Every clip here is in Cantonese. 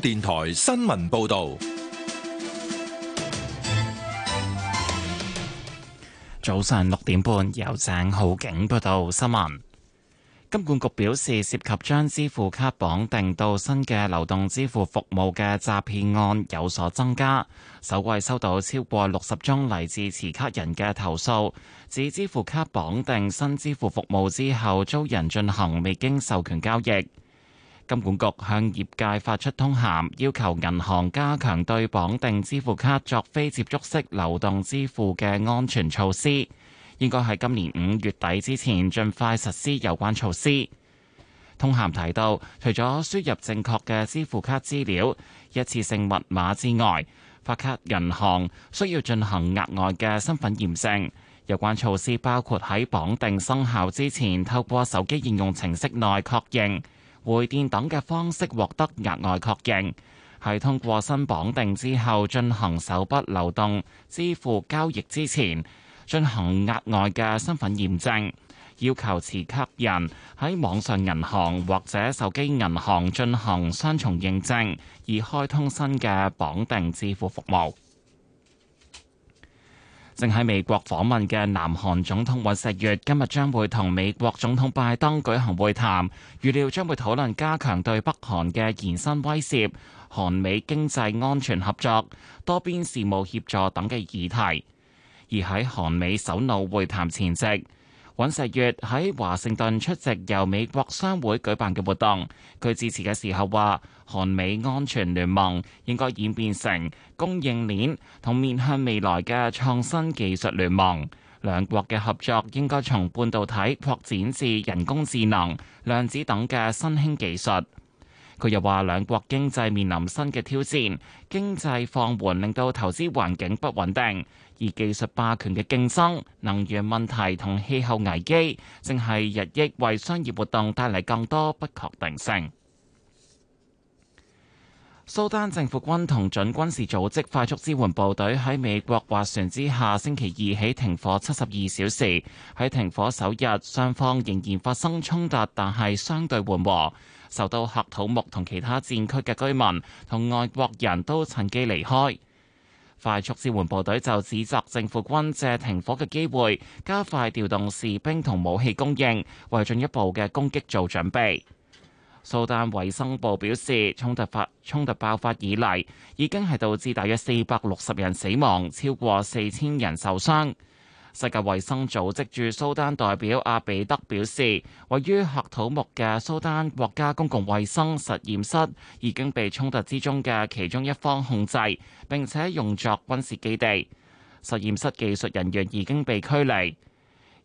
電台新聞報道，早上六點半有鄭浩景報道新聞。金管局表示，涉及將支付卡綁定到新嘅流動支付服務嘅詐騙案有所增加，首季收到超過六十宗嚟自持卡人嘅投訴，指支付卡綁定新支付服務之後，遭人進行未經授權交易。金管局向業界發出通函，要求銀行加強對綁定支付卡作非接觸式流動支付嘅安全措施，應該喺今年五月底之前盡快實施有關措施。通函提到，除咗輸入正確嘅支付卡資料、一次性密碼之外，發卡銀行需要進行額外嘅身份驗證。有關措施包括喺綁定生效之前，透過手機應用程式內確認。回電等嘅方式獲得額外確認，係通過新綁定之後進行首筆流動支付交易之前進行額外嘅身份驗證，要求持卡人喺網上銀行或者手機銀行進行雙重認證，以開通新嘅綁定支付服務。正喺美國訪問嘅南韓總統尹錫悅，今日將會同美國總統拜登舉行會談，預料將會討論加強對北韓嘅延伸威脅、韓美經濟安全合作、多邊事務協助等嘅議題。而喺韓美首腦會談前夕，尹錫悅喺華盛頓出席由美國商會舉辦嘅活動，佢致辭嘅時候話：韓美安全聯盟應該演變成供應鏈同面向未來嘅創新技術聯盟，兩國嘅合作應該從半導體擴展至人工智能、量子等嘅新興技術。佢又話：兩國經濟面臨新嘅挑戰，經濟放緩令到投資環境不穩定。而技術霸權嘅競爭、能源問題同氣候危機，正係日益為商業活動帶嚟更多不確定性。蘇丹政府軍同準軍事組織快速支援部隊喺美國斡旋之下，星期二起停火七十二小時。喺停火首日，雙方仍然發生衝突，但係相對緩和。受到喀土穆同其他戰區嘅居民同外國人都趁機離開。快速支援部隊就指責政府軍借停火嘅機會，加快調動士兵同武器供應，為進一步嘅攻擊做準備。蘇丹衞生部表示，衝突發，衝突爆發以嚟，已經係導致大約四百六十人死亡，超過四千人受傷。世界衛生組織駐蘇丹代表阿比德表示，位於喀土木嘅蘇丹國家公共衛生實驗室已經被衝突之中嘅其中一方控制，並且用作軍事基地。實驗室技術人員已經被驅離。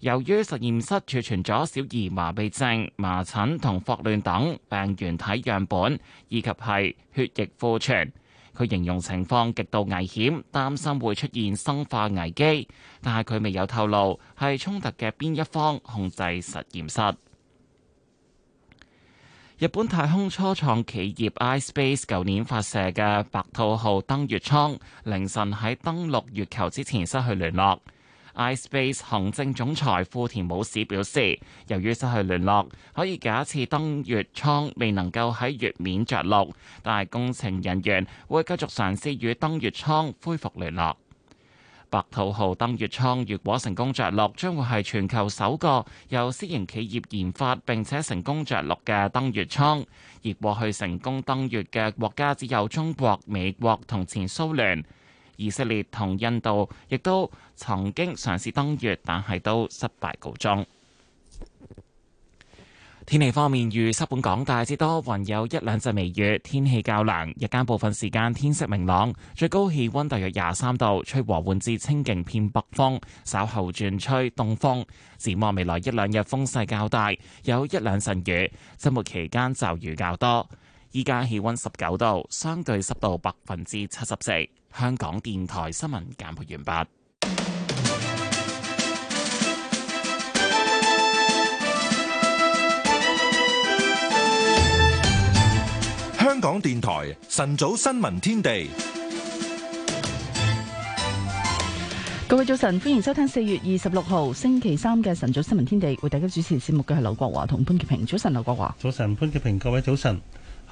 由於實驗室儲存咗小兒麻痺症、麻疹同霍亂等病原體樣本，以及係血液庫存。佢形容情況極度危險，擔心會出現生化危機，但係佢未有透露係衝突嘅邊一方控制實驗室。日本太空初創企業 iSpace 舊年發射嘅白兔號登月艙，凌晨喺登陸月球之前失去聯絡。iSpace 行政總裁富田武史表示，由於失去聯絡，可以假設登月艙未能夠喺月面着陸，但係工程人員會繼續嘗試與登月艙恢復聯絡。白兔號登月艙如果成功着陸，將會係全球首個由私營企業研發並且成功着陸嘅登月艙，而過去成功登月嘅國家只有中國、美國同前蘇聯。以色列同印度亦都曾經嘗試登月，但係都失敗告終。天氣方面，雨濕本港大致多雲，還有一兩陣微雨。天氣較涼，日間部分時間天色明朗，最高氣温大約廿三度，吹和緩至清勁偏北風，稍後轉吹東風。展望未來一兩日風勢較大，有一兩陣雨，周末期間驟雨較多。依家氣溫十九度，相對濕度百分之七十四。香港電台新聞簡報完畢。香港電台晨早新聞天地，各位早晨，歡迎收聽四月二十六號星期三嘅晨早新聞天地，為大家主持節目嘅係劉國華同潘潔平。早晨，劉國華。早晨，潘潔平。各位早晨。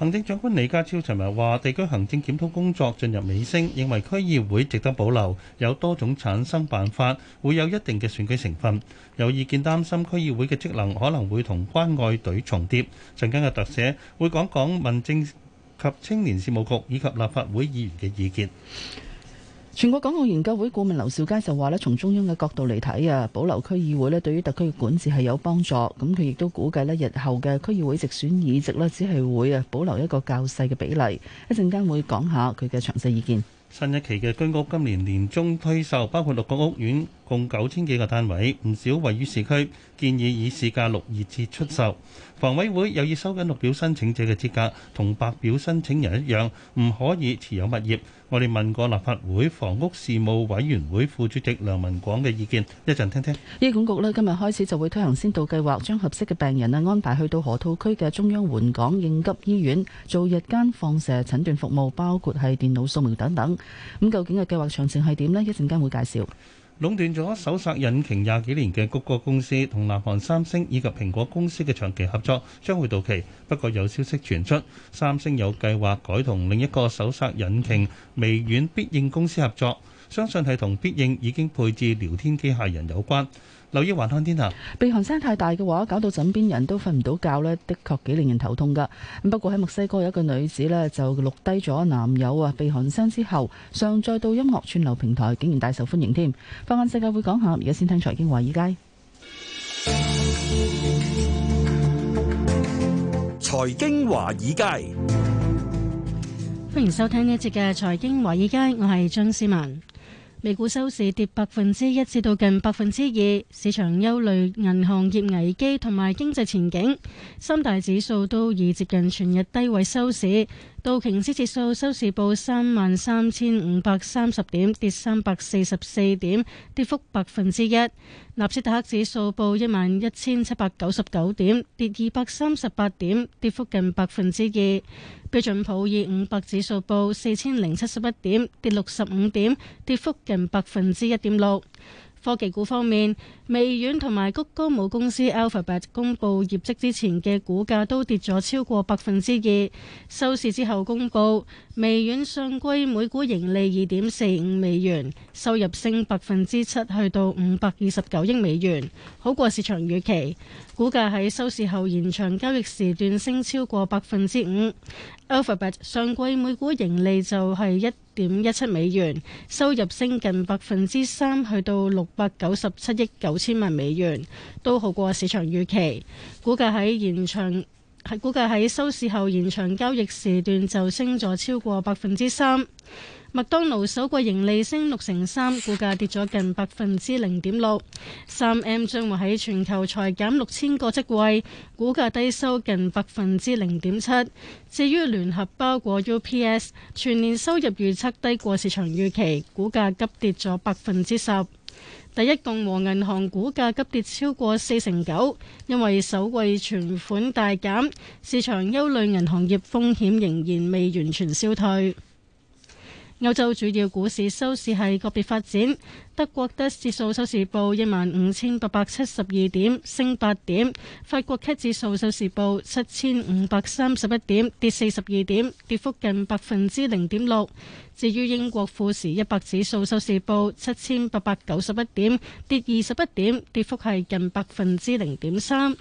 行政長官李家超尋日話：地區行政檢討工作進入尾聲，認為區議會值得保留，有多種產生辦法，會有一定嘅選舉成分。有意見擔心區議會嘅職能可能會同關愛隊重疊。陣間嘅特寫會講講民政及青年事務局以及立法會議員嘅意見。全國港澳研究會顧問劉兆佳就話咧，從中央嘅角度嚟睇啊，保留區議會咧，對於特區嘅管治係有幫助。咁佢亦都估計咧，日後嘅區議會直選議席咧，只係會啊保留一個較細嘅比例。一陣間會講下佢嘅詳細意見。新一期嘅居屋今年年中推售，包括六個屋苑。共九千幾個單位，唔少位於市區，建議以市價六二折出售。房委會有意收緊綠表申請者嘅資格，同白表申請人一樣，唔可以持有物業。我哋問過立法會房屋事務委員會副主席梁文廣嘅意見，一陣聽聽。醫管局呢，今日開始就會推行先導計劃，將合適嘅病人啊安排去到河套區嘅中央援港應急醫院做日間放射診斷服務，包括係電腦掃描等等。咁究竟嘅計劃詳情係點呢？一陣間會介紹。壟斷咗搜索引擎廿幾年嘅谷歌公司同南韓三星以及蘋果公司嘅長期合作將會到期，不過有消息傳出，三星有計劃改同另一個搜索引擎微軟必應公司合作，相信係同必應已經配置聊天機械人有關。留意雲吞天下。鼻鼾聲太大嘅話，搞到枕邊人都瞓唔到覺呢，的確幾令人頭痛噶。咁不過喺墨西哥有一個女子呢，就錄低咗男友啊鼻鼾聲之後，上載到音樂串流平台，竟然大受歡迎添。放眼世界會講下，而家先聽財經華爾街。財經華爾街，歡迎收聽呢一節嘅財經華爾街，我係張思文。美股收市跌百分之一至到近百分之二，市場憂慮銀行業危機同埋經濟前景。三大指數都已接近全日低位收市。道瓊斯指數收市報三萬三千五百三十點，跌三百四十四點，跌幅百分之一。納斯達克指數報一萬一千七百九十九點，跌二百三十八點，跌幅近百分之二。標準普爾五百指數報四千零七十一點，跌六十五點，跌幅近百分之一點六。科技股方面，微軟同埋谷歌母公司 Alphabet 公布業績之前嘅股價都跌咗超過百分之二，收市之後公布，微軟上季每股盈利二點四五美元，收入升百分之七去到五百二十九億美元，好過市場預期，股價喺收市後延長交易時段升超過百分之五。Alphabet 上季每股盈利就係一點一七美元，收入升近百分之三去到六百九十七億九。千萬美元都好過市場預期，股價喺延長，係股價喺收市後延長交易時段就升咗超過百分之三。麥當勞首季盈利升六成三，股價跌咗近百分之零點六。三 M 將會喺全球裁減六千個職位，股價低收近百分之零點七。至於聯合包裹 UPS，全年收入預測低過市場預期，股價急跌咗百分之十。第一共和銀行股價急跌超過四成九，因為首季存款大減，市場憂慮銀行業風險仍然未完全消退。歐洲主要股市收市係個別發展，德國的指數收市報一萬五千八百七十二點，升八點；法國 K 指數收市報七千五百三十一點，跌四十二點，跌幅近百分之零點六。至於英國富時一百指數收市報七千八百九十一點，跌二十一點，跌幅係近百分之零點三。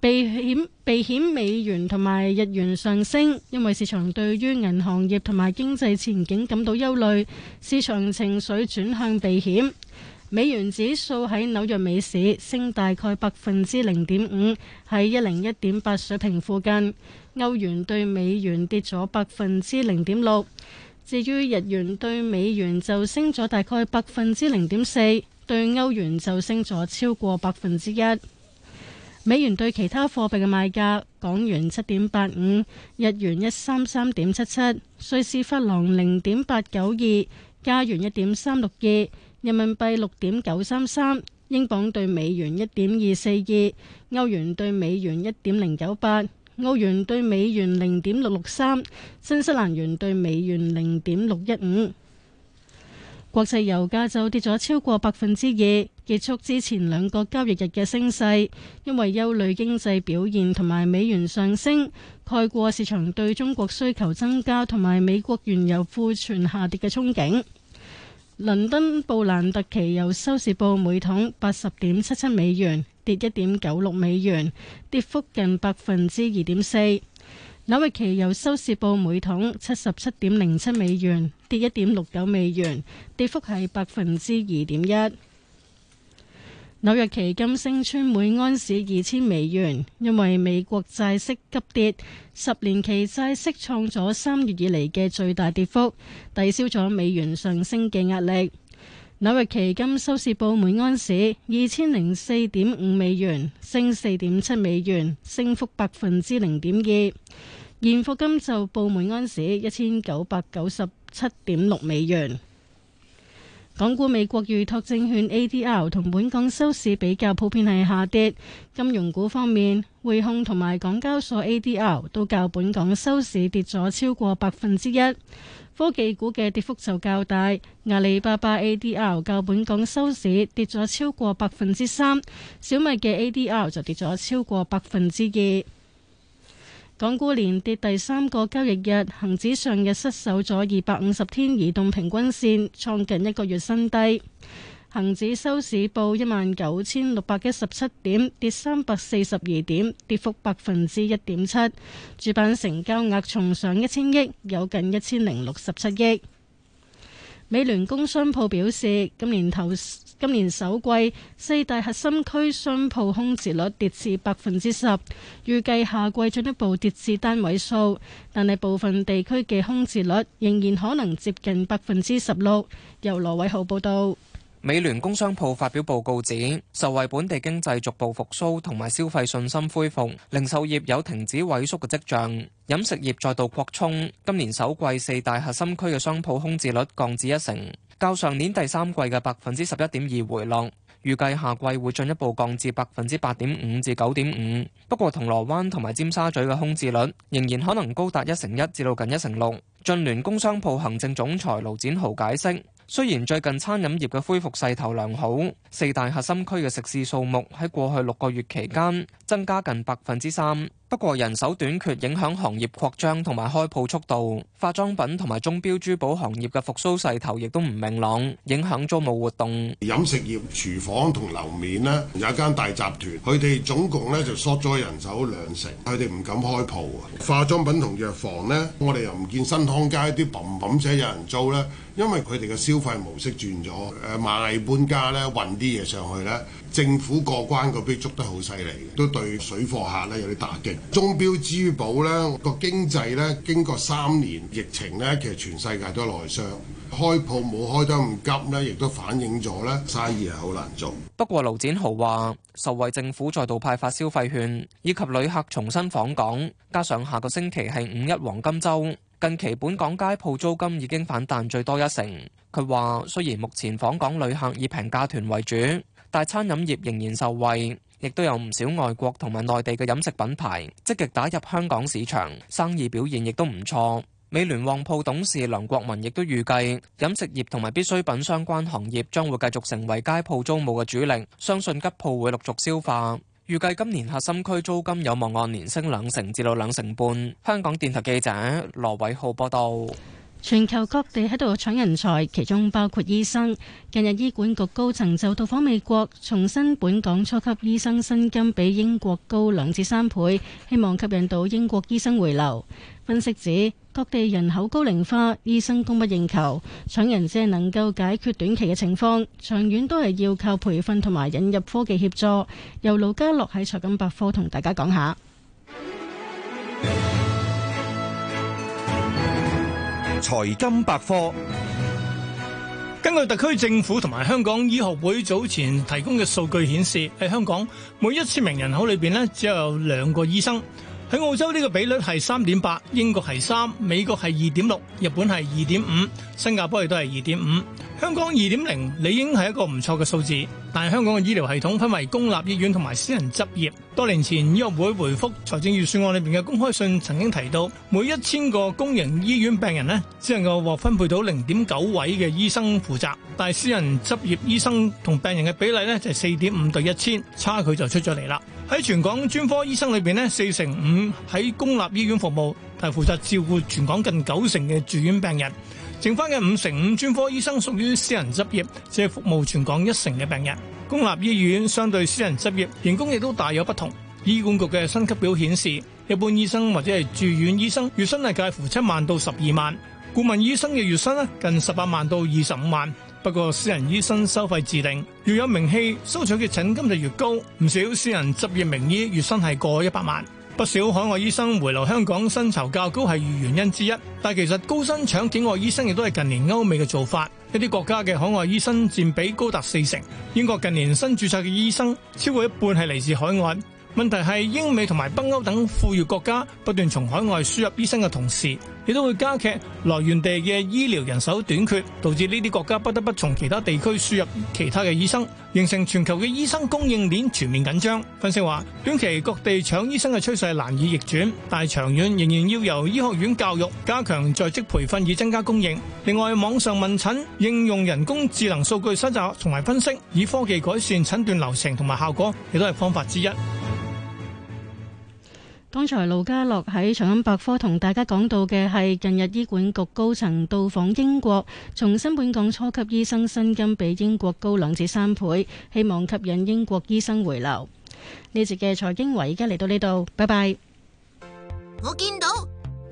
避險避險，避險美元同埋日元上升，因為市場對於銀行業同埋經濟前景感到憂慮，市場情緒轉向避險。美元指數喺紐約美市升大概百分之零點五，喺一零一點八水平附近。歐元對美元跌咗百分之零點六，至於日元對美元就升咗大概百分之零點四，對歐元就升咗超過百分之一。美元對其他貨幣嘅賣價：港元七點八五，日元一三三點七七，瑞士法郎零點八九二，加元一點三六二，人民幣六點九三三，英鎊對美元一點二四二，歐元對美元一點零九八，澳元對美元零點六六三，新西蘭元對美元零點六一五。國際油價就跌咗超過百分之二。結束之前兩個交易日嘅升勢，因為憂慮經濟表現同埋美元上升，蓋過市場對中國需求增加同埋美國原油庫存下跌嘅憧憬。倫敦布蘭特期油收市報每桶八十點七七美元，跌一點九六美元，跌幅近百分之二點四。紐約期油收市報每桶七十七點零七美元，跌一點六九美元，跌幅係百分之二點一。紐約期金升穿每安士二千美元，因為美國債息急跌，十年期債息創咗三月以嚟嘅最大跌幅，抵消咗美元上升嘅壓力。紐約期金收市報每安士二千零四點五美元，升四點七美元，升幅百分之零點二。現貨金就報每安士一千九百九十七點六美元。港股、美國預託證券 ADR 同本港收市比較普遍係下跌。金融股方面，匯控同埋港交所 ADR 都較本港收市跌咗超過百分之一。科技股嘅跌幅就較大，阿里巴巴 ADR 較本港收市跌咗超過百分之三，小米嘅 ADR 就跌咗超過百分之二。港股連跌第三個交易日，恒指上日失守咗二百五十天移動平均線，創近一個月新低。恒指收市報一萬九千六百一十七點，跌三百四十二點，跌幅百分之一點七。主板成交額重上一千億，有近一千零六十七億。美聯工商鋪表示，今年頭。今年首季四大核心區商鋪空置率跌至百分之十，預計下季進一步跌至單位數，但係部分地區嘅空置率仍然可能接近百分之十六。由羅偉豪報道。美聯工商鋪發表報告指，受惠本地經濟逐步復蘇同埋消費信心恢復，零售業有停止萎縮嘅跡象，飲食業再度擴充。今年首季四大核心區嘅商鋪空置率降至一成。較上年第三季嘅百分之十一點二回落，預計下季會進一步降至百分之八點五至九點五。不過銅鑼灣同埋尖沙咀嘅空置率仍然可能高達一成一至到近一成六。駿聯工商鋪行政總裁盧展豪解釋。雖然最近餐飲業嘅恢復勢頭良好，四大核心區嘅食肆數目喺過去六個月期間增加近百分之三。不過人手短缺影響行業擴張同埋開鋪速度。化妝品同埋鐘錶珠寶行業嘅復甦勢頭亦都唔明朗，影響租務活動。飲食業廚房同樓面呢，有一間大集團，佢哋總共呢就縮咗人手兩成，佢哋唔敢開鋪啊。化妝品同藥房呢，我哋又唔見新湯街啲冧冧者有人租呢，因為佢哋嘅消消費模式轉咗，誒，螞蟻搬家咧，運啲嘢上去咧，政府過關嗰邊捉得好犀利，都對水貨客咧有啲打擊。鐘錶珠寶咧個經濟咧，經過三年疫情咧，其實全世界都內傷。開鋪冇開得咁急咧，亦都反映咗咧生意係好難做。不過盧展豪話，受惠政府再度派發消費券，以及旅客重新訪港，加上下個星期係五一黃金周，近期本港街鋪租金已經反彈最多一成。佢話，雖然目前訪港旅客以平價團為主，但餐飲業仍然受惠，亦都有唔少外國同埋內地嘅飲食品牌積極打入香港市場，生意表現亦都唔錯。美聯旺鋪董事梁國文亦都預計，飲食業同埋必需品相關行業將會繼續成為街鋪租務嘅主力，相信吉鋪會陸續消化。預計今年核心區租金有望按年升兩成至到兩成半。香港電台記者羅偉浩報道。全球各地喺度搶人才，其中包括醫生。近日醫管局高層就到訪美國，重申本港初級醫生薪金比英國高兩至三倍，希望吸引到英國醫生回流。分析指，各地人口高齡化，醫生供不應求，搶人只能夠解決短期嘅情況，長遠都係要靠培訓同埋引入科技協助。由盧家樂喺財金百科同大家講下。財金百科，根據特區政府同埋香港醫學會早前提供嘅數據顯示，喺香港每一千名人口裏邊呢，只有兩個醫生。喺澳洲呢個比率係三點八，英國係三，美國係二點六，日本係二點五，新加坡亦都係二點五，香港二點零，理應係一個唔錯嘅數字。但係香港嘅醫療系統分為公立醫院同埋私人執業。多年前，醫學會回覆財政預算案裏面嘅公開信曾經提到，每一千個公營醫院病人呢，只能夠獲分配到零點九位嘅醫生負責，但係私人執業醫生同病人嘅比例呢，就係四點五對一千，差距就出咗嚟啦。喺全港專科醫生裏邊咧，四成五喺公立醫院服務，係負責照顧全港近九成嘅住院病人；剩翻嘅五成五專科醫生屬於私人執業，只係服務全港一成嘅病人。公立醫院相對私人執業，人工亦都大有不同。醫管局嘅薪級表顯示，一般醫生或者係住院醫生月薪係介乎七萬到十二萬；顧問醫生嘅月薪咧近十八萬到二十五萬。不過私人醫生收費自定，越有名氣，收取嘅診金就越高。唔少私人執業名醫月薪係過一百萬。不少海外醫生回流香港，薪酬較高係原因之一。但其實高薪搶境外醫生亦都係近年歐美嘅做法。一啲國家嘅海外醫生占比高達四成。英國近年新注冊嘅醫生超過一半係嚟自海外。問題係英美同埋北歐等富裕國家不斷從海外輸入醫生嘅同時。亦都會加劇來源地嘅醫療人手短缺，導致呢啲國家不得不從其他地區輸入其他嘅醫生，形成全球嘅醫生供應鏈全面緊張。分析話，短期各地搶醫生嘅趨勢難以逆轉，但係長遠仍然要由醫學院教育加強在職培訓以增加供應。另外，網上問診應用人工智能數據收集同埋分析，以科技改善診斷流程同埋效果，亦都係方法之一。剛才盧嘉樂喺長安百科同大家講到嘅係，近日醫管局高層到訪英國，重新本港初級醫生薪金比英國高兩至三倍，希望吸引英國醫生回流。呢次嘅財經圍，而家嚟到呢度，拜拜。我見到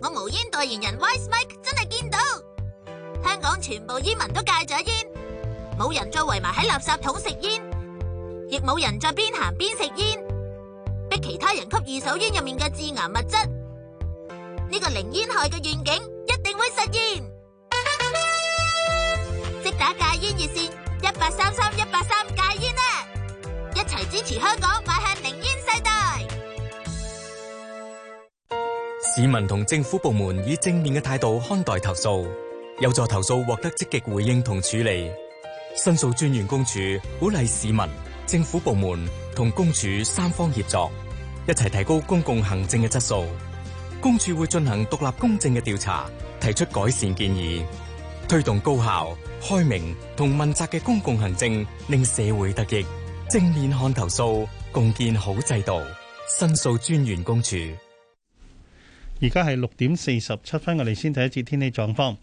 我無煙代言人 Wise Mike 真係見到，香港全部煙民都戒咗煙，冇人再圍埋喺垃圾桶食煙，亦冇人再邊行邊食煙。他人吸二手煙入面嘅致癌物質，呢個零煙害嘅願景一定會實現。即打戒煙熱線一八三三一八三戒煙啦！一齊支持香港邁向零煙世代。市民同政府部門以正面嘅態度看待投訴，有助投訴獲得積極回應同處理。申訴專員公署鼓勵市民、政府部門同公署三方協作。一齊提高公共行政嘅質素，公署會進行獨立公正嘅調查，提出改善建議，推動高效、開明同問責嘅公共行政，令社會得益。正面看投訴，共建好制度。申訴專員公署。而家係六點四十七分，我哋先睇一次天氣狀況。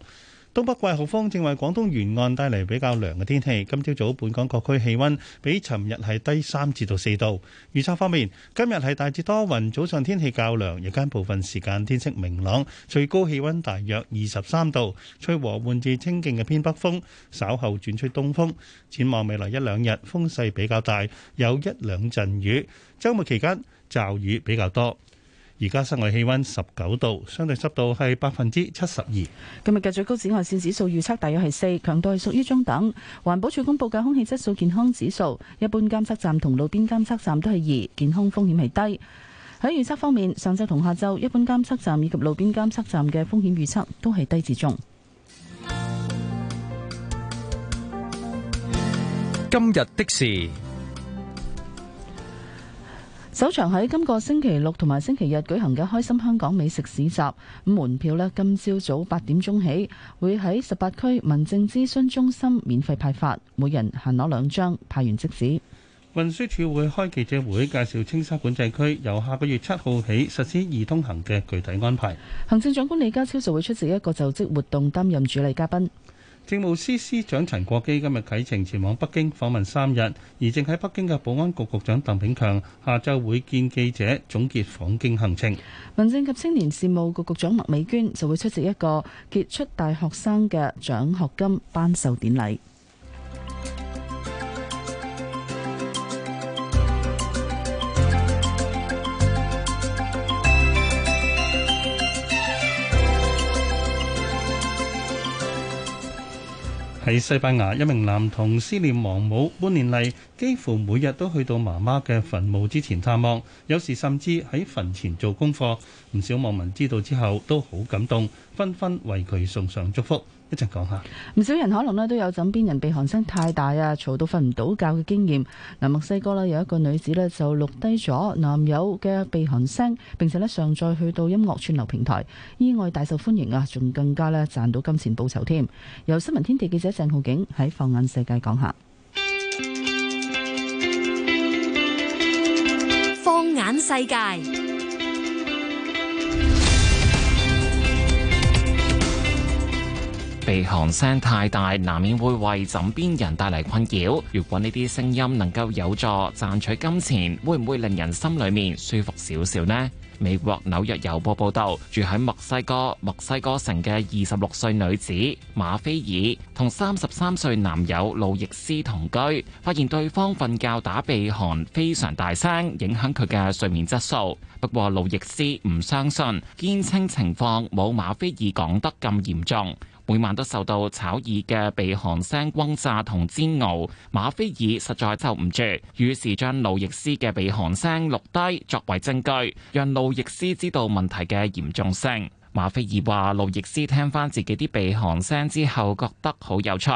東北季候風正為廣東沿岸帶嚟比較涼嘅天氣。今朝早早本港各區氣溫比尋日係低三至到四度。預測方面，今日係大致多雲，早上天氣較涼，日間部分時間天色明朗，最高氣溫大約二十三度，吹和緩至清勁嘅偏北風，稍後轉吹東風。展望未來一兩日風勢比較大，有一兩陣雨。週末期間驟雨比較多。而家室外氣溫十九度，相對濕度係百分之七十二。今日嘅最高紫外線指數預測大約係四，強度係屬於中等。環保署公布嘅空氣質素健康指數，一般監測站同路邊監測站都係二，健康風險係低。喺預測方面，上晝同下晝一般監測站以及路邊監測站嘅風險預測都係低至中。今日的事。首場喺今個星期六同埋星期日舉行嘅《開心香港美食市集》，咁門票呢，今朝早八點鐘起會喺十八區民政諮詢中心免費派發，每人限攞兩張，派完即止。運輸署會開記者會介紹青沙管制區由下個月七號起實施易通行嘅具體安排。行政長官李家超就會出席一個就職活動，擔任主禮嘉賓。政務司司長陳國基今日啟程前往北京訪問三日，而正喺北京嘅保安局局長鄧炳強下晝會見記者，總結訪京行程。民政及青年事務局局長麥美娟就會出席一個傑出大學生嘅獎學金頒授典禮。喺西班牙一名男童思念亡母，半年嚟，幾乎每日都去到媽媽嘅墳墓之前探望，有時甚至喺墳前做功課。唔少網民知道之後都好感動，紛紛為佢送上祝福。一陣講下，唔少人可能呢都有枕邊人鼻鼾聲太大啊，吵到瞓唔到覺嘅經驗。嗱，墨西哥呢有一個女子呢，就錄低咗男友嘅鼻鼾聲，並且呢上載去到音樂串流平台，意外大受歡迎啊，仲更加呢賺到金錢報酬添。由新聞天地記者鄭浩景喺放眼世界講下。玩世界，鼻鼾聲太大，難免會為枕邊人帶嚟困擾。如果呢啲聲音能夠有助賺取金錢，會唔會令人心裏面舒服少少呢？美國紐約郵報報道，住喺墨西哥墨西哥城嘅二十六歲女子馬菲爾同三十三歲男友路易斯同居，發現對方瞓覺打鼻鼾非常大聲，影響佢嘅睡眠質素。不過路易斯唔相信，堅稱情況冇馬菲爾講得咁嚴重。每晚都受到炒耳嘅鼻鼾聲轟炸同煎熬，馬菲爾實在受唔住，於是將路易斯嘅鼻鼾聲錄低作為證據，讓路易斯知道問題嘅嚴重性。馬菲爾話：路易斯聽翻自己啲鼻鼾聲之後，覺得好有趣，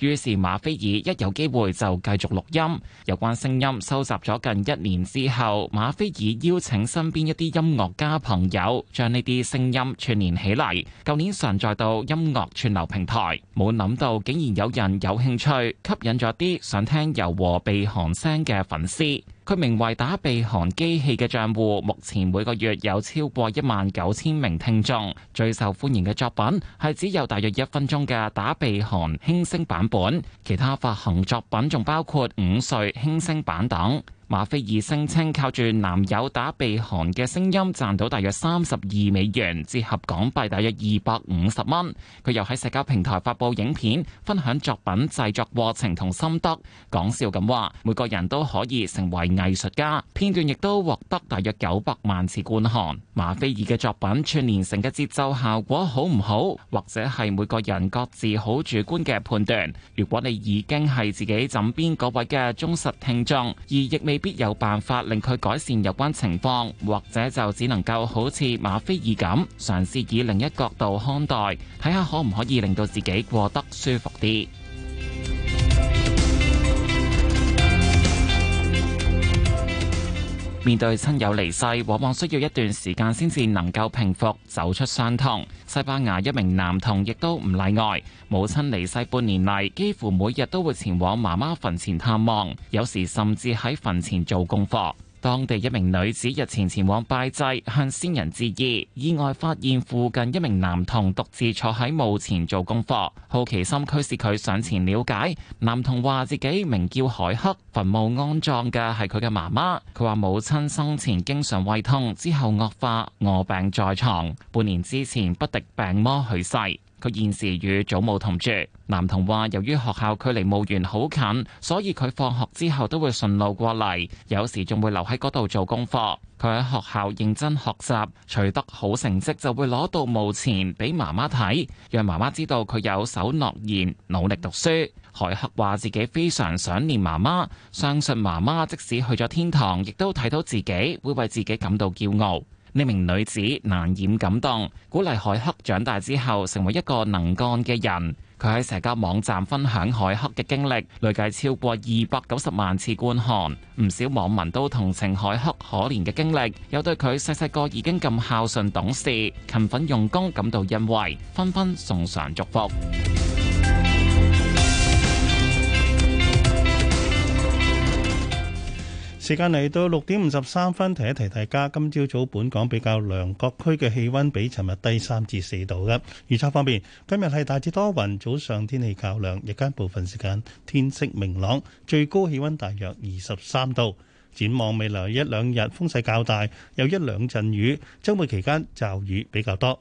於是馬菲爾一有機會就繼續錄音。有關聲音收集咗近一年之後，馬菲爾邀請身邊一啲音樂家朋友，將呢啲聲音串聯起嚟。舊年上載到音樂串流平台，冇諗到竟然有人有興趣，吸引咗啲想聽柔和鼻鼾聲嘅粉絲。佢名為打鼻鼾機器嘅賬戶，目前每個月有超過一萬九千名聽眾，最受歡迎嘅作品係只有大約一分鐘嘅打鼻鼾輕聲版本，其他發行作品仲包括午睡輕聲版等。馬菲爾聲稱靠住男友打鼻鼾嘅聲音賺到大約三十二美元，折合港幣大約二百五十蚊。佢又喺社交平台發佈影片，分享作品製作過程同心得，講笑咁話，每個人都可以成為藝術家。片段亦都獲得大約九百萬次觀看。馬菲爾嘅作品串連成嘅節奏效果好唔好，或者係每個人各自好主觀嘅判斷。如果你已經係自己枕邊嗰位嘅忠實聽眾，而亦未未必有辦法令佢改善有關情況，或者就只能夠好似馬菲爾咁，嘗試以另一角度看待，睇下可唔可以令到自己過得舒服啲。面對親友離世，往往需要一段時間先至能夠平復、走出傷痛。西班牙一名男童亦都唔例外，母親離世半年嚟，幾乎每日都會前往媽媽墳前探望，有時甚至喺墳前做功課。當地一名女子日前前往拜祭，向先人致意，意外發現附近一名男童獨自坐喺墓前做功課。好奇心驅使佢上前了解，男童話自己名叫海克，墳墓安葬嘅係佢嘅媽媽。佢話母親生前經常胃痛，之後惡化，臥病在床。半年之前不敵病魔去世。佢現時與祖母同住。男童話：由於學校距離墓園好近，所以佢放學之後都會順路過嚟，有時仲會留喺嗰度做功課。佢喺學校認真學習，取得好成績就會攞到墓前俾媽媽睇，讓媽媽知道佢有守諾言，努力讀書。凱克話：自己非常想念媽媽，相信媽媽即使去咗天堂，亦都睇到自己，會為自己感到驕傲。呢名女子難掩感動，鼓勵海克長大之後成為一個能幹嘅人。佢喺社交網站分享海克嘅經歷，累計超過二百九十萬次觀看。唔少網民都同情海克可憐嘅經歷，又對佢細細個已經咁孝順懂事、勤奮用功感到欣慰，紛紛送上祝福。時間嚟到六點五十三分，提一提大家，今朝早，早本港比較涼，各區嘅氣溫比尋日低三至四度。噉預測方面，今日係大致多雲，早上天氣較涼，日間部分時間天色明朗，最高氣溫大約二十三度。展望未來一兩日風勢較大，有一兩陣雨，周末期間驟雨比較多。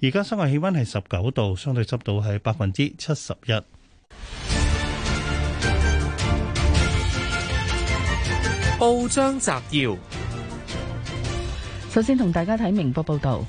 而家室外氣溫係十九度，相對濕度係百分之七十一。報章摘要，首先同大家睇明報報道。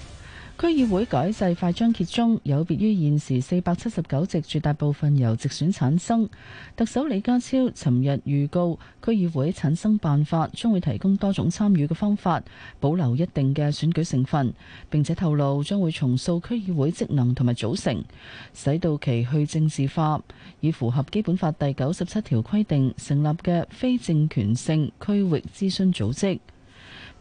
區議會改制快將揭盅，有別於現時四百七十九席絕大部分由直選產生。特首李家超尋日預告，區議會產生辦法將會提供多種參與嘅方法，保留一定嘅選舉成分。並且透露將會重塑區議會職能同埋組成，使到其去政治化，以符合基本法第九十七條規定成立嘅非政權性區域諮詢組織。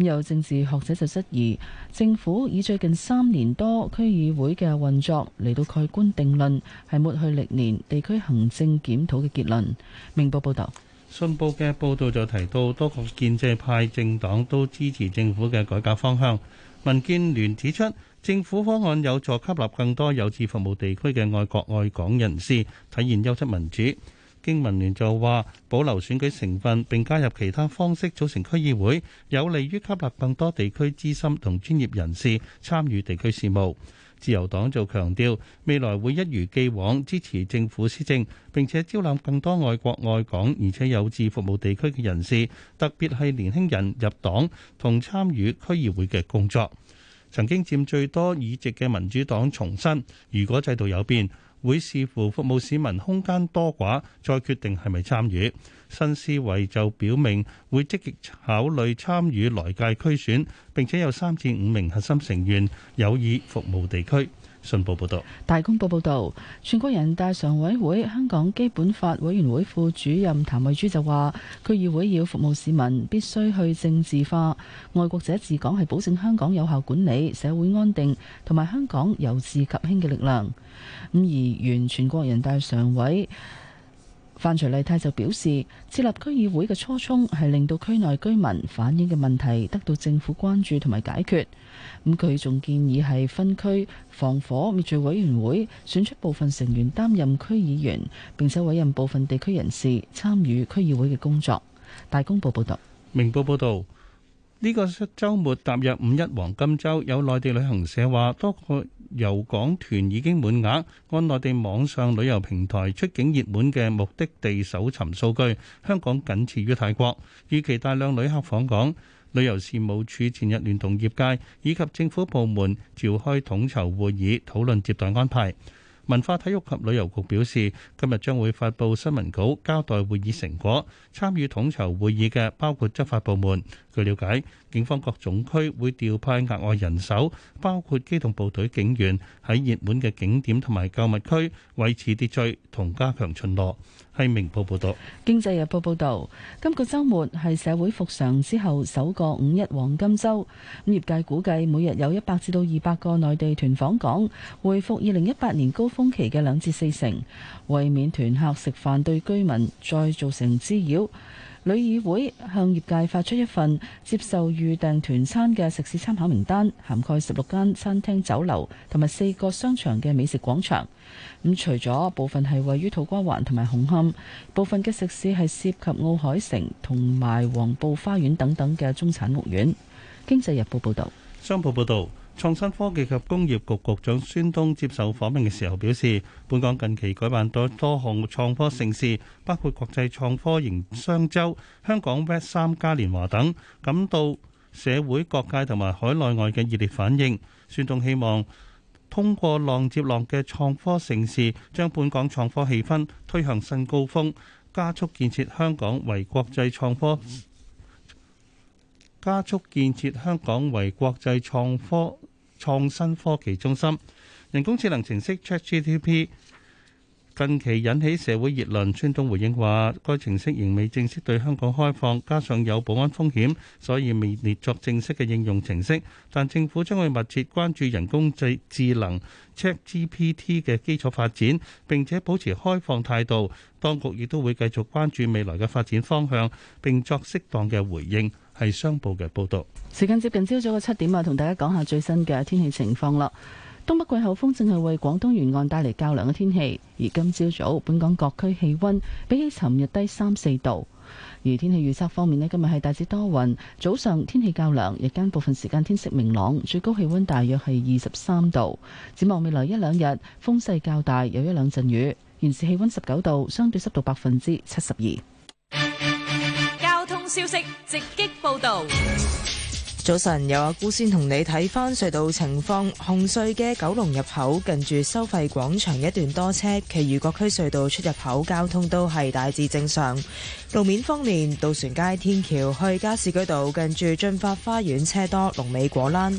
有政治學者就質疑，政府以最近三年多區議會嘅運作嚟到蓋棺定論，係抹去歷年地區行政檢討嘅結論。明報報導，信報嘅報導就提到，多個建制派政黨都支持政府嘅改革方向。民建聯指出，政府方案有助吸納更多有志服務地區嘅愛國愛港人士，體現優質民主。經民聯就話：保留選舉成分並加入其他方式組成區議會，有利於吸納更多地區資深同專業人士參與地區事務。自由黨就強調，未來會一如既往支持政府施政，並且招攬更多愛國愛港而且有志服務地區嘅人士，特別係年輕人入黨同參與區議會嘅工作。曾經佔最多議席嘅民主黨重申，如果制度有變，會視乎服務市民空間多寡，再決定係咪參與。新思維就表明會積極考慮參與來屆區選，並且有三至五名核心成員有意服務地區。信報報導，大公報報導，全國人大常委會香港基本法委員會副主任譚惠珠就話，區議會要服務市民，必須去政治化，愛國者治港係保證香港有效管理、社會安定同埋香港由治及興嘅力量。咁而原全國人大常委。范徐麗泰就表示，設立區議會嘅初衷係令到區內居民反映嘅問題得到政府關注同埋解決。咁佢仲建議係分區防火滅罪委員會選出部分成員擔任區議員，並且委任部分地區人士參與區議會嘅工作。大公報報道。明報報導。呢個週末踏入五一黃金週，有內地旅行社話，多個遊港團已經滿額。按內地網上旅遊平台出境熱門嘅目的地搜尋數據，香港僅次於泰國，預期大量旅客訪港。旅遊事務署前日聯同業界以及政府部門召開統籌會議，討論接待安排。文化體育及旅遊局表示，今日將會發佈新聞稿，交代會議成果。參與統籌會議嘅包括執法部門。據了解，警方各總區會調派額外人手，包括機動部隊警員喺熱門嘅景點同埋購物區維持秩序同加強巡邏。係明報報道，《經濟日報》報道，今個周末係社會復常之後首個五一黃金周，業界估計每日有一百至到二百個內地團訪港，回復二零一八年高峰期嘅兩至四成。為免團客食飯對居民再造成滋擾。旅議會向業界發出一份接受預訂團餐嘅食肆參考名單，涵蓋十六間餐廳酒樓同埋四個商場嘅美食廣場。咁、嗯、除咗部分係位於土瓜灣同埋紅磡，部分嘅食肆係涉及奧海城同埋黃埔花園等等嘅中產屋苑。經濟日報報導，商報報導。創新科技及工業局局長孫東接受訪問嘅時候表示，本港近期舉辦咗多項創科盛事，包括國際創科營商週、香港 Web3 嘉年華等，感到社會各界同埋海內外嘅熱烈反應。孫東希望通過浪接浪嘅創科盛事，將本港創科氣氛推向新高峰，加速建設香港為國際創科。加速建設香港為國際創科創新科技中心。人工智能程式 ChatGPT 近期引起社會熱論，孫東回應話：該程式仍未正式對香港開放，加上有保安風險，所以未列作正式嘅應用程式。但政府將會密切關注人工智能 ChatGPT 嘅基礎發展，並且保持開放態度。當局亦都會繼續關注未來嘅發展方向，並作適當嘅回應。係商報嘅報道，時間接近朝早嘅七點啊，同大家講下最新嘅天氣情況啦。東北季候風正係為廣東沿岸帶嚟較涼嘅天氣，而今朝早本港各區氣温比起尋日低三四度。而天氣預測方面咧，今日係大致多雲，早上天氣較涼，日間部分時間天色明朗，最高氣温大約係二十三度。展望未來一兩日，風勢較大，有一兩陣雨。現時氣温十九度，相對濕度百分之七十二。消息直擊報道。早晨，有阿姑先同你睇翻隧道情況。紅隧嘅九龍入口近住收費廣場一段多車，其餘各區隧道出入口交通都係大致正常。路面方面，渡船街天橋去加士居道近住駿發花園車多，龍尾果欄。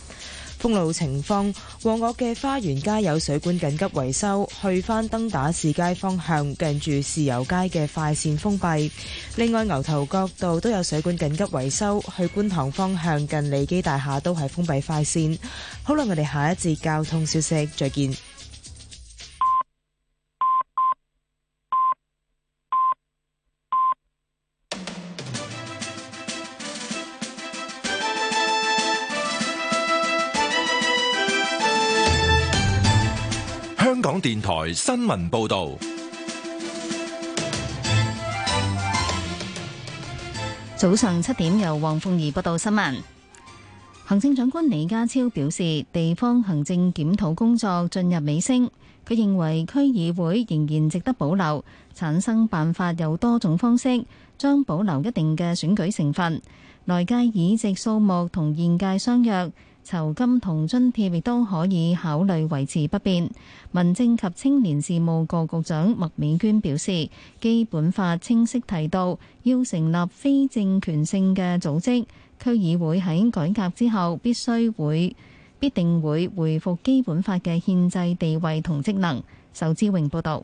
封路情況，旺角嘅花園街有水管緊急維修，去返登打士街方向近住豉油街嘅快線封閉。另外牛頭角道都有水管緊急維修，去觀塘方向近利基大廈都係封閉快線。好啦，我哋下一節交通消息再見。香港電台新聞報道，早上七點由黃鳳儀報道新聞。行政長官李家超表示，地方行政檢討工作進入尾聲。佢認為區議會仍然值得保留，產生辦法有多種方式，將保留一定嘅選舉成分。內界議席數目同現界相約。酬金同津貼亦都可以考慮維持不變，民政及青年事務局局長麥美娟表示，基本法清晰提到要成立非政權性嘅組織，區議會喺改革之後必須會必定會回復基本法嘅憲制地位同職能。仇志榮報道。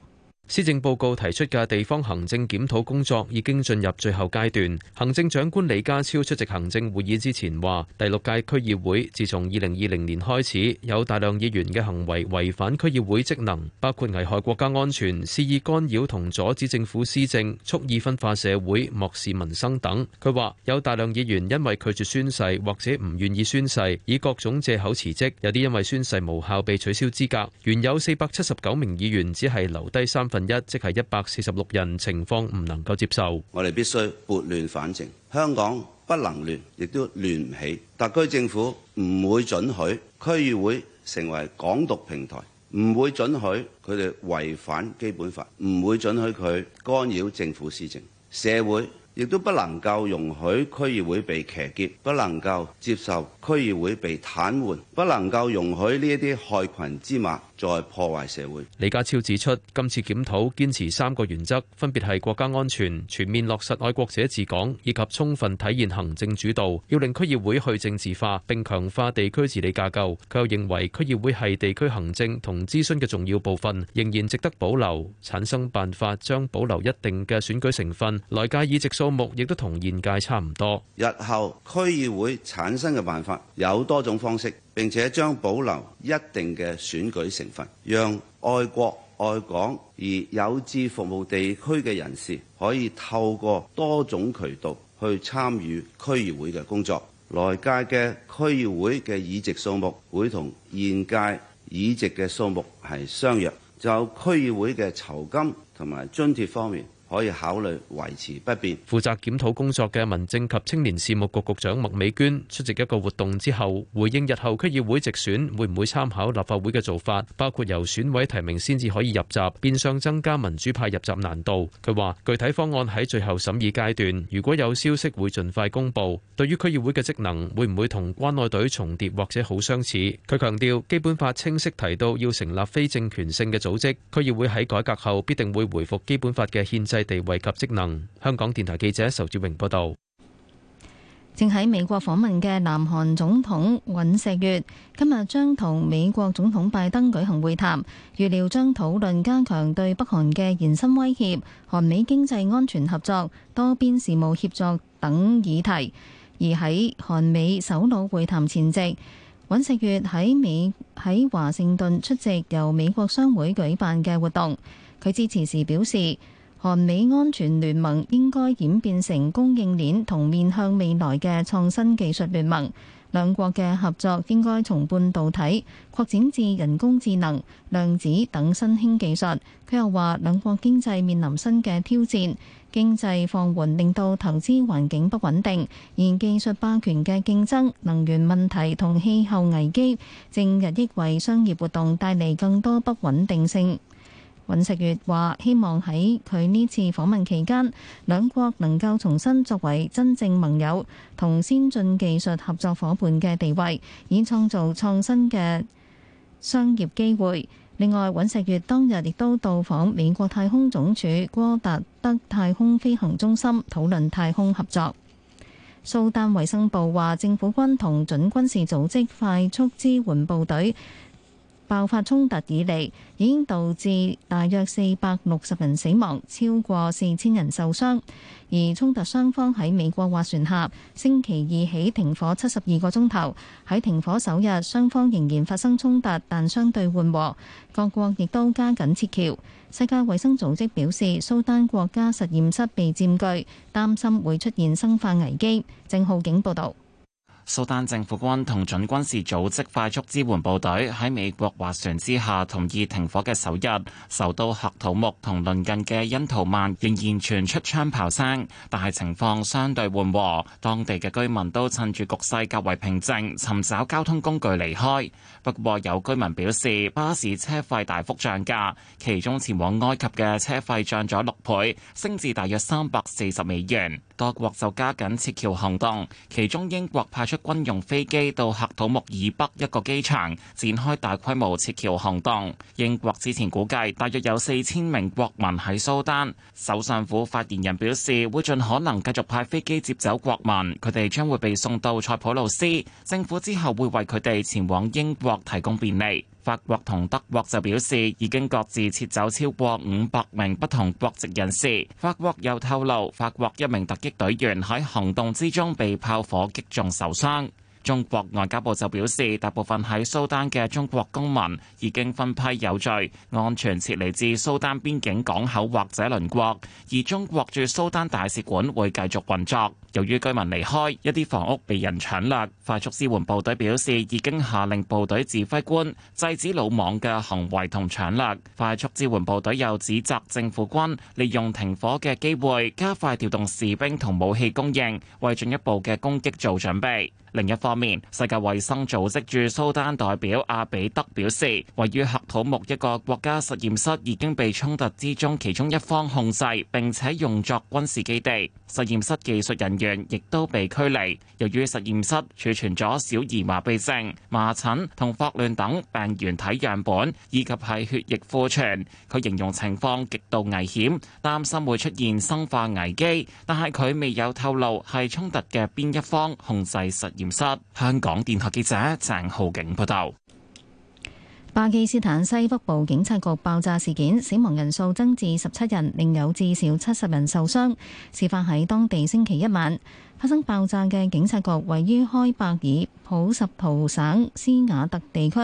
施政報告提出嘅地方行政檢討工作已經進入最後階段。行政長官李家超出席行政會議之前話，第六屆區議會自從二零二零年開始，有大量議員嘅行為違反區議會職能，包括危害國家安全、肆意干擾同阻止政府施政、蓄意分化社會、漠視民生等。佢話有大量議員因為拒絕宣誓或者唔願意宣誓，以各種借口辭職，有啲因為宣誓無效被取消資格。原有四百七十九名議員只係留低三。分一，即係一百四十六人，情況唔能夠接受，我哋必須撥亂反正。香港不能亂，亦都亂唔起。特區政府唔會准許區議會成為港獨平台，唔會准許佢哋違反基本法，唔會准許佢干擾政府施政。社會亦都不能夠容許區議會被騎劫，不能夠接受區議會被癱瘓，不能夠容許呢一啲害羣之馬再破壞社會。李家超指出，今次檢討堅持三個原則，分別係國家安全、全面落實愛國者治港以及充分體現行政主導。要令區議會去政治化並強化地區治理架構。佢又認為區議會係地區行政同諮詢嘅重要部分，仍然值得保留。產生辦法將保留一定嘅選舉成分，來屆議席數目亦都同現屆差唔多。日後區議會產生嘅辦法有多種方式。並且將保留一定嘅選舉成分，讓愛國愛港而有志服務地區嘅人士可以透過多種渠道去參與區議會嘅工作。來屆嘅區議會嘅議席數目會同現屆議席嘅數目係相若，就區議會嘅酬金同埋津貼方面。可以考慮維持不變。負責檢討工作嘅民政及青年事務局局長麥美娟出席一個活動之後，回應日後區議會直選會唔會參考立法會嘅做法，包括由選委提名先至可以入閘，變相增加民主派入閘難度。佢話：具體方案喺最後審議階段，如果有消息會盡快公佈。對於區議會嘅職能，會唔會同關愛隊重疊或者好相似？佢強調，《基本法》清晰提到要成立非政權性嘅組織，區議會喺改革後必定會回復《基本法》嘅憲制。地位及職能。香港電台記者仇志榮報道，正喺美國訪問嘅南韓總統尹錫悅今日將同美國總統拜登舉行會談，預料將討論加強對北韓嘅延伸威脅、韓美經濟安全合作、多邊事務協作等議題。而喺韓美首腦會談前夕，尹錫悅喺美喺華盛頓出席由美國商會舉辦嘅活動，佢致辭時表示，韓美安全聯盟應該演變成供應鏈同面向未來嘅創新技術聯盟。兩國嘅合作應該從半導體擴展至人工智能、量子等新興技術。佢又話，兩國經濟面臨新嘅挑戰，經濟放緩令到投資環境不穩定，而技術霸權嘅競爭、能源問題同氣候危機，正日益為商業活動帶嚟更多不穩定性。尹錫悅話：希望喺佢呢次訪問期間，兩國能夠重新作為真正盟友同先進技術合作夥伴嘅地位，以創造創新嘅商業機會。另外，尹錫悅當日亦都到訪美國太空總署戈達德太空飛行中心，討論太空合作。蘇丹衞生部話，政府軍同準軍事組織快速支援部隊，爆發衝突以嚟，已經導致大約四百六十人死亡，超過四千人受傷。而衝突雙方喺美國斡旋下，星期二起停火七十二個鐘頭。喺停火首日，雙方仍然發生衝突，但相對緩和。各國亦都加緊撤僑。世界衛生組織表示，蘇丹國家實驗室被佔據，擔心會出現生化危機。鄭浩景報道。蘇丹政府軍同準軍事組織快速支援部隊喺美國斡旋之下同意停火嘅首日，首都喀土穆同鄰近嘅恩圖曼仍然傳出槍炮聲，但係情況相對緩和。當地嘅居民都趁住局勢較為平靜，尋找交通工具離開。不過有居民表示，巴士車費大幅漲價，其中前往埃及嘅車費漲咗六倍，升至大約三百四十美元。多國就加緊撤僑行動，其中英國派出軍用飛機到喀土穆以北一個機場展開大規模撤僑行動。英國之前估計大約有四千名國民喺蘇丹。首相府發言人表示，會盡可能繼續派飛機接走國民，佢哋將會被送到塞浦路斯，政府之後會為佢哋前往英國提供便利。法國同德國就表示，已經各自撤走超過五百名不同國籍人士。法國又透露，法國一名突擊隊員喺行動之中被炮火擊中受傷。中國外交部就表示，大部分喺蘇丹嘅中國公民已經分批有序安全撤離至蘇丹邊境港口或者鄰國，而中國駐蘇丹大使館會繼續運作。由於居民離開，一啲房屋被人搶掠。快速支援部隊表示，已經下令部隊指揮官制止魯莽嘅行為同搶掠。快速支援部隊又指責政府軍利用停火嘅機會，加快調動士兵同武器供應，為進一步嘅攻擊做準備。另一方面，世界衛生組織駐蘇丹代表阿比德表示，位於喀土木一個國家實驗室已經被衝突之中其中一方控制並且用作軍事基地，實驗室技術人員亦都被驅離，由於實驗室儲存咗小兒麻痹症、麻疹同霍亂等病原體樣本以及係血液庫存，佢形容情況極度危險，擔心會出現生化危機，但係佢未有透露係衝突嘅邊一方控制實驗。失香港電訊記者鄭浩景報道：巴基斯坦西北部警察局爆炸事件，死亡人數增至十七人，另有至少七十人受傷。事發喺當地星期一晚，發生爆炸嘅警察局位於開伯爾普什圖省斯瓦特地區，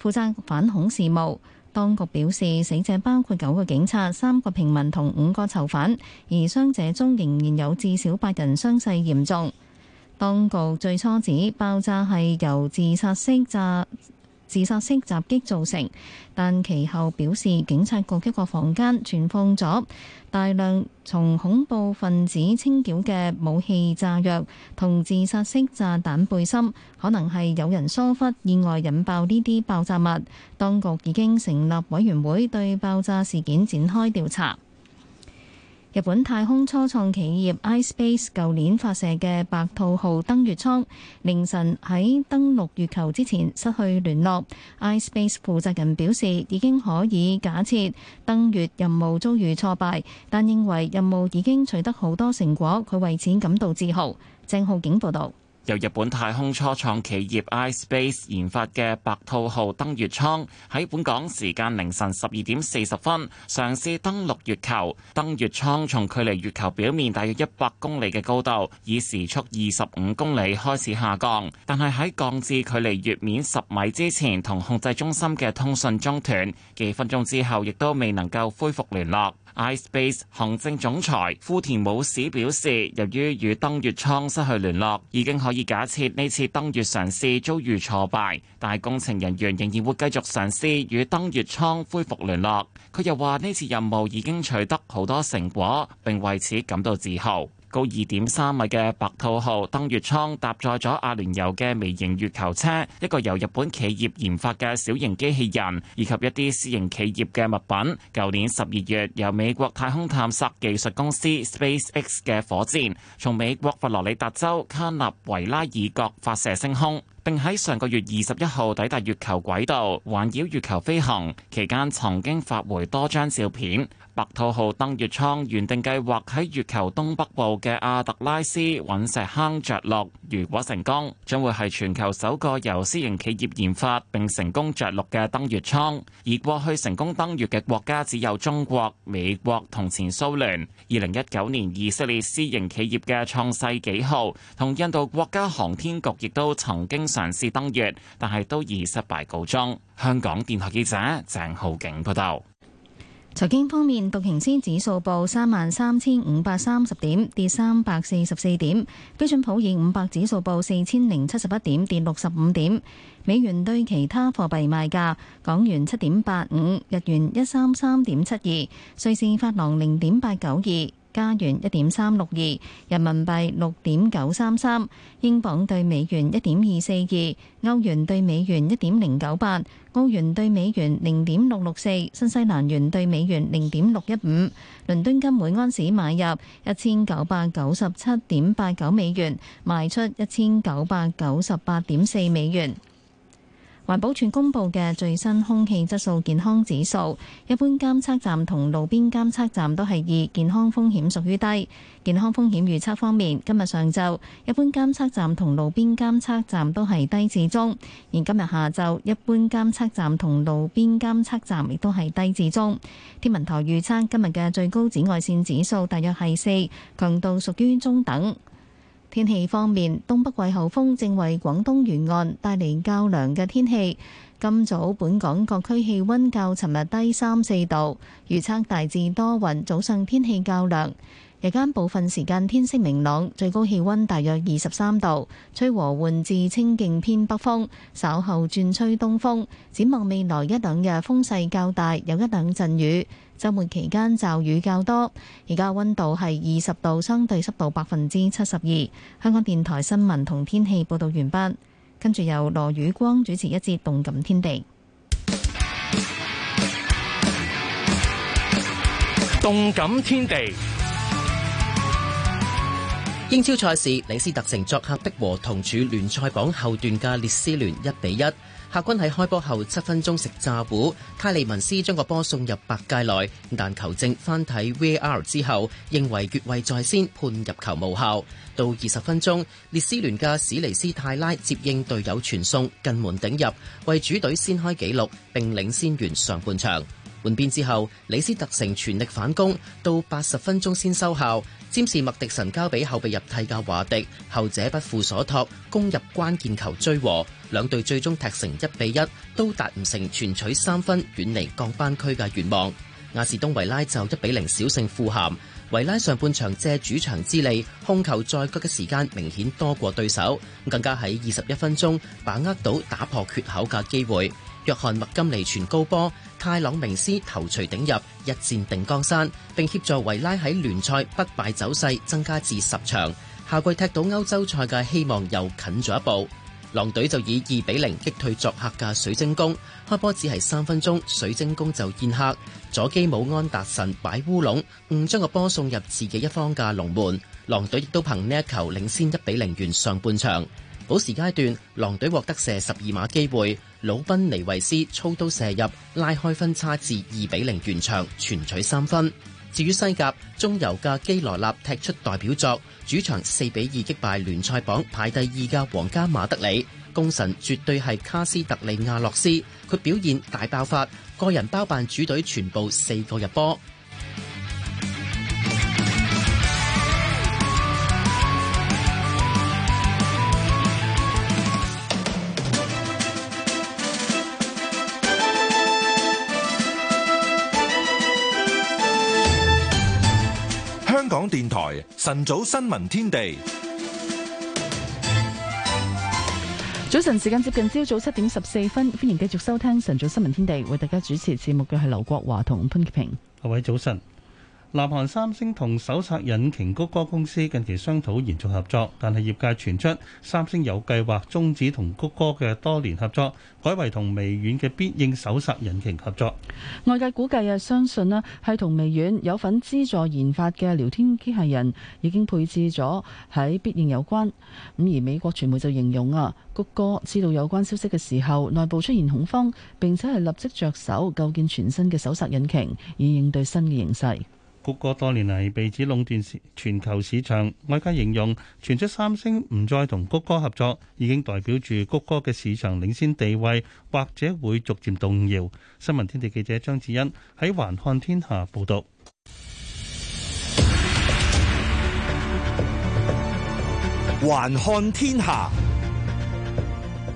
負責反恐事務。當局表示，死者包括九個警察、三個平民同五個囚犯，而傷者中仍然有至少八人傷勢嚴重。當局最初指爆炸係由自殺式炸自殺式襲擊造成，但其後表示警察局一個房間存放咗大量從恐怖分子清繳嘅武器、炸藥同自殺式炸彈背心，可能係有人疏忽意外引爆呢啲爆炸物。當局已經成立委員會對爆炸事件展開調查。日本太空初創企業 iSpace 舊年發射嘅白兔號登月艙，凌晨喺登陸月球之前失去聯絡。iSpace 負責人表示，已經可以假設登月任務遭遇挫敗，但認為任務已經取得好多成果，佢為此感到自豪。鄭浩景報道。由日本太空初創企業 iSpace 研發嘅白兔號登月艙，喺本港時間凌晨十二點四十分嘗試登陸月球。登月艙從距離月球表面大約一百公里嘅高度，以時速二十五公里開始下降，但係喺降至距離月面十米之前，同控制中心嘅通訊中斷，幾分鐘之後亦都未能夠恢復聯絡。ispace 行政總裁富田武史表示，由於與登月艙失去聯絡，已經可以假設呢次登月嘗試遭遇挫敗，但係工程人員仍然會繼續嘗試與登月艙恢復聯絡。佢又話：呢次任務已經取得好多成果，並為此感到自豪。高二點三米嘅白兔號登月艙搭載咗阿聯酋嘅微型月球車，一個由日本企業研發嘅小型機器人，以及一啲私營企業嘅物品。舊年十二月，由美國太空探索技術公司 SpaceX 嘅火箭，從美國佛羅里達州卡納維拉爾角發射升空。並喺上個月二十一號抵達月球軌道，環繞月球飛行期間，曾經發回多張照片。白兔號登月艙原定計劃喺月球東北部嘅阿特拉斯隕石坑着陸，如果成功，將會係全球首個由私營企業研發並成功着陸嘅登月艙。而過去成功登月嘅國家只有中國、美國同前蘇聯。二零一九年，以色列私營企業嘅創世紀號同印度國家航天局亦都曾經。嘗試登月，但係都以失敗告終。香港電台記者鄭浩景報道。財經方面，道瓊斯指數報三萬三千五百三十點，跌三百四十四點；標準普爾五百指數報四千零七十一點，跌六十五點。美元對其他貨幣賣價：港元七點八五，日元一三三點七二，瑞士法郎零點八九二。加元一點三六二，人民幣六點九三三，英鎊對美元一點二四二，歐元對美元一點零九八，澳元對美元零點六六四，新西蘭元對美元零點六一五，倫敦金每安士買入一千九百九十七點八九美元，賣出一千九百九十八點四美元。環保署公布嘅最新空氣質素健康指數，一般監測站同路邊監測站都係二，健康風險屬於低。健康風險預測方面，今日上晝一般監測站同路邊監測站都係低至中，而今日下晝一般監測站同路邊監測站亦都係低至中。天文台預測今日嘅最高紫外線指數大約係四，強度屬於中等。天氣方面，東北季候風正為廣東沿岸帶嚟較涼嘅天氣。今早本港各區氣溫較尋日低三四度，預測大致多雲，早上天氣較涼，日間部分時間天色明朗，最高氣溫大約二十三度，吹和緩至清勁偏北風，稍後轉吹東風。展望未來一兩日風勢較大，有一兩陣雨。周末期間驟雨較多，而家温度係二十度，相對濕度百分之七十二。香港電台新聞同天氣報道完畢，跟住由羅宇光主持一節《動感天地》。《動感天地》英超賽事，李斯特城作客逼和同處聯賽榜後段嘅列斯聯，一比一。客軍喺開波後七分鐘食炸糊，卡利文斯將個波送入白界內，但球證翻睇 V R 之後認為越位在先，判入球無效。到二十分鐘，列斯聯嘅史尼斯泰拉接應隊友傳送，近門頂入，為主隊先開紀錄，並領先完上半場。換邊之後，李斯特城全力反攻，到八十分鐘先收效。占士麥迪神交俾後備入替嘅華迪，後者不負所託攻入關鍵球追和。兩隊最終踢成一比一，都達唔成全取三分、遠離降班區嘅願望。亞士東維拉就一比零小勝富咸。維拉上半場借主場之利控球在腳嘅時間明顯多過對手，更加喺二十一分鐘把握到打破缺口嘅機會。約翰麥金尼傳高波，泰朗明斯頭槌頂入，一戰定江山，並協助維拉喺聯賽不敗走勢增加至十場，下季踢到歐洲賽嘅希望又近咗一步。狼隊就以二比零擊退作客嘅水晶宮，開波只係三分鐘，水晶宮就宴客，佐基姆安達臣擺烏龍，誤將個波送入自己一方嘅龍門。狼隊亦都憑呢一球領先一比零完上半場。補時階段，狼隊獲得射十二碼機會，魯賓尼維斯操刀射入，拉開分差至二比零完場，全取三分。至於西甲，中游嘅基羅納踢出代表作，主場四比二擊敗聯賽榜排第二嘅皇家馬德里，功臣絕對係卡斯特利亞洛斯，佢表現大爆發，個人包辦主隊全部四個入波。香港電台晨早新聞天地，早晨時間接近朝早七點十四分，歡迎繼續收聽晨早新聞天地，為大家主持節目嘅係劉國華同潘潔平。各位早晨。南韓三星同搜索引擎谷歌公司近期商討延續合作，但係業界傳出三星有計劃終止同谷歌嘅多年合作，改為同微軟嘅必應搜索引擎合作。外界估計啊，相信咧係同微軟有份資助研發嘅聊天機械人已經配置咗喺必應有關咁。而美國傳媒就形容啊，谷歌知道有關消息嘅時候，內部出現恐慌，並且係立即着手構建全新嘅搜索引擎，以應對新嘅形勢。谷歌多年嚟被指壟斷全球市場，外界形容傳出三星唔再同谷歌合作，已經代表住谷歌嘅市場領先地位，或者會逐漸動搖。新聞天地記者張志欣喺環看天下報道。環看天下。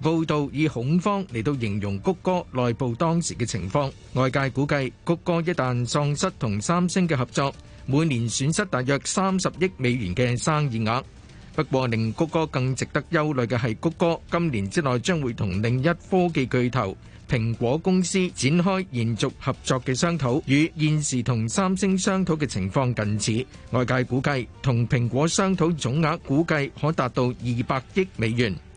報道以恐慌嚟到形容谷歌內部當時嘅情況，外界估計谷歌一旦喪失同三星嘅合作，每年損失大約三十億美元嘅生意額。不過，令谷歌更值得憂慮嘅係，谷歌今年之內將會同另一科技巨頭蘋果公司展開延續合作嘅商討，與現時同三星商討嘅情況近似。外界估計同蘋果商討總額估計可達到二百億美元。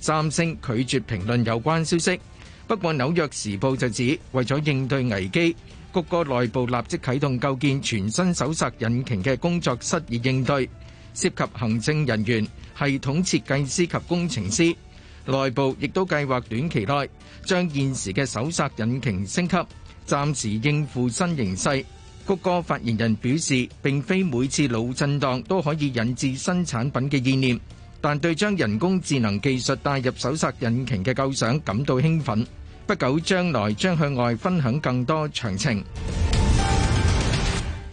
三星拒絕評論有關消息。不過《紐約時報》就指，為咗應對危機，谷歌內部立即啟動構建全新搜尋引擎嘅工作室以應對，涉及行政人員、系統設計師及工程師。內部亦都計劃短期內將現時嘅搜尋引擎升級，暫時應付新形勢。谷歌發言人表示：並非每次腦震盪都可以引致新產品嘅意念。但對將人工智能技術帶入搜索引擎嘅構想感到興奮，不久將來將向外分享更多詳情。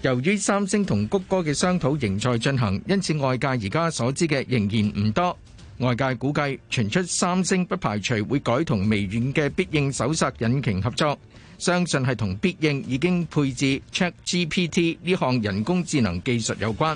由於三星同谷歌嘅商討仍在進行，因此外界而家所知嘅仍然唔多。外界估計傳出三星不排除會改同微軟嘅必應搜索引擎合作，相信係同必應已經配置 ChatGPT 呢項人工智能技術有關。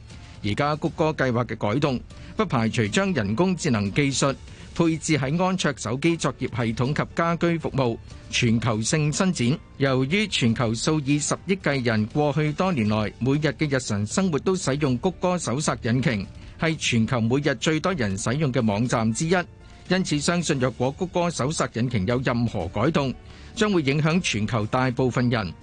而家谷歌計劃嘅改動，不排除將人工智能技術配置喺安卓手機作業系統及家居服務，全球性伸展。由於全球數以十億計人過去多年來每日嘅日常生活都使用谷歌搜索引擎，係全球每日最多人使用嘅網站之一，因此相信若果谷歌搜索引擎有任何改動，將會影響全球大部分人。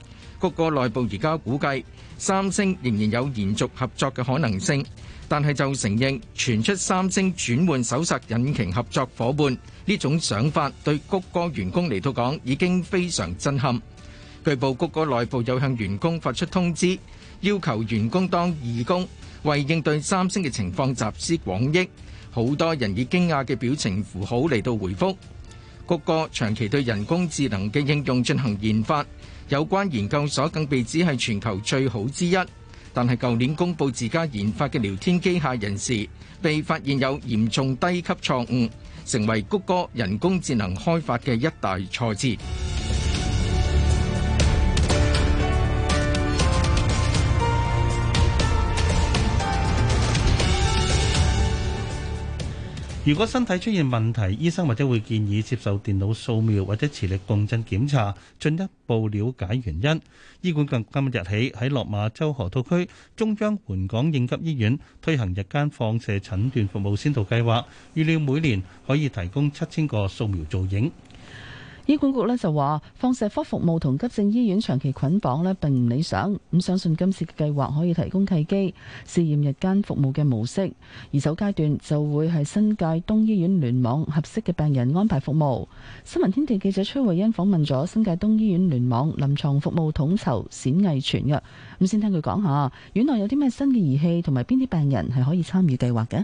谷歌內部而家估計三星仍然有延續合作嘅可能性，但係就承認傳出三星轉換搜尋引擎合作夥伴呢種想法對谷歌員工嚟到講已經非常震撼。據報谷歌內部有向員工發出通知，要求員工當義工，為應對三星嘅情況集思廣益。好多人以驚訝嘅表情符號嚟到回覆。谷歌長期對人工智能嘅應用進行研發。有關研究所更被指係全球最好之一，但係舊年公布自家研發嘅聊天機械人士被發現有嚴重低級錯誤，成為谷歌人工智能開發嘅一大挫折。如果身體出現問題，醫生或者會建議接受電腦掃描或者磁力共振檢查，進一步了解原因。醫管局今日起喺落馬洲河套區中央援港應急醫院推行日間放射診斷服務先導計劃，預料每年可以提供七千個掃描造影。醫管局呢就話，放射科服務同急症醫院長期捆綁呢並唔理想，咁相信今次嘅計劃可以提供契機，試驗日間服務嘅模式。而首階段就會係新界東醫院聯網合適嘅病人安排服務。新聞天地記者崔慧欣訪問咗新界東醫院聯網臨床服務統籌冼毅全嘅，咁先聽佢講下院內有啲咩新嘅儀器同埋邊啲病人係可以參與計劃嘅。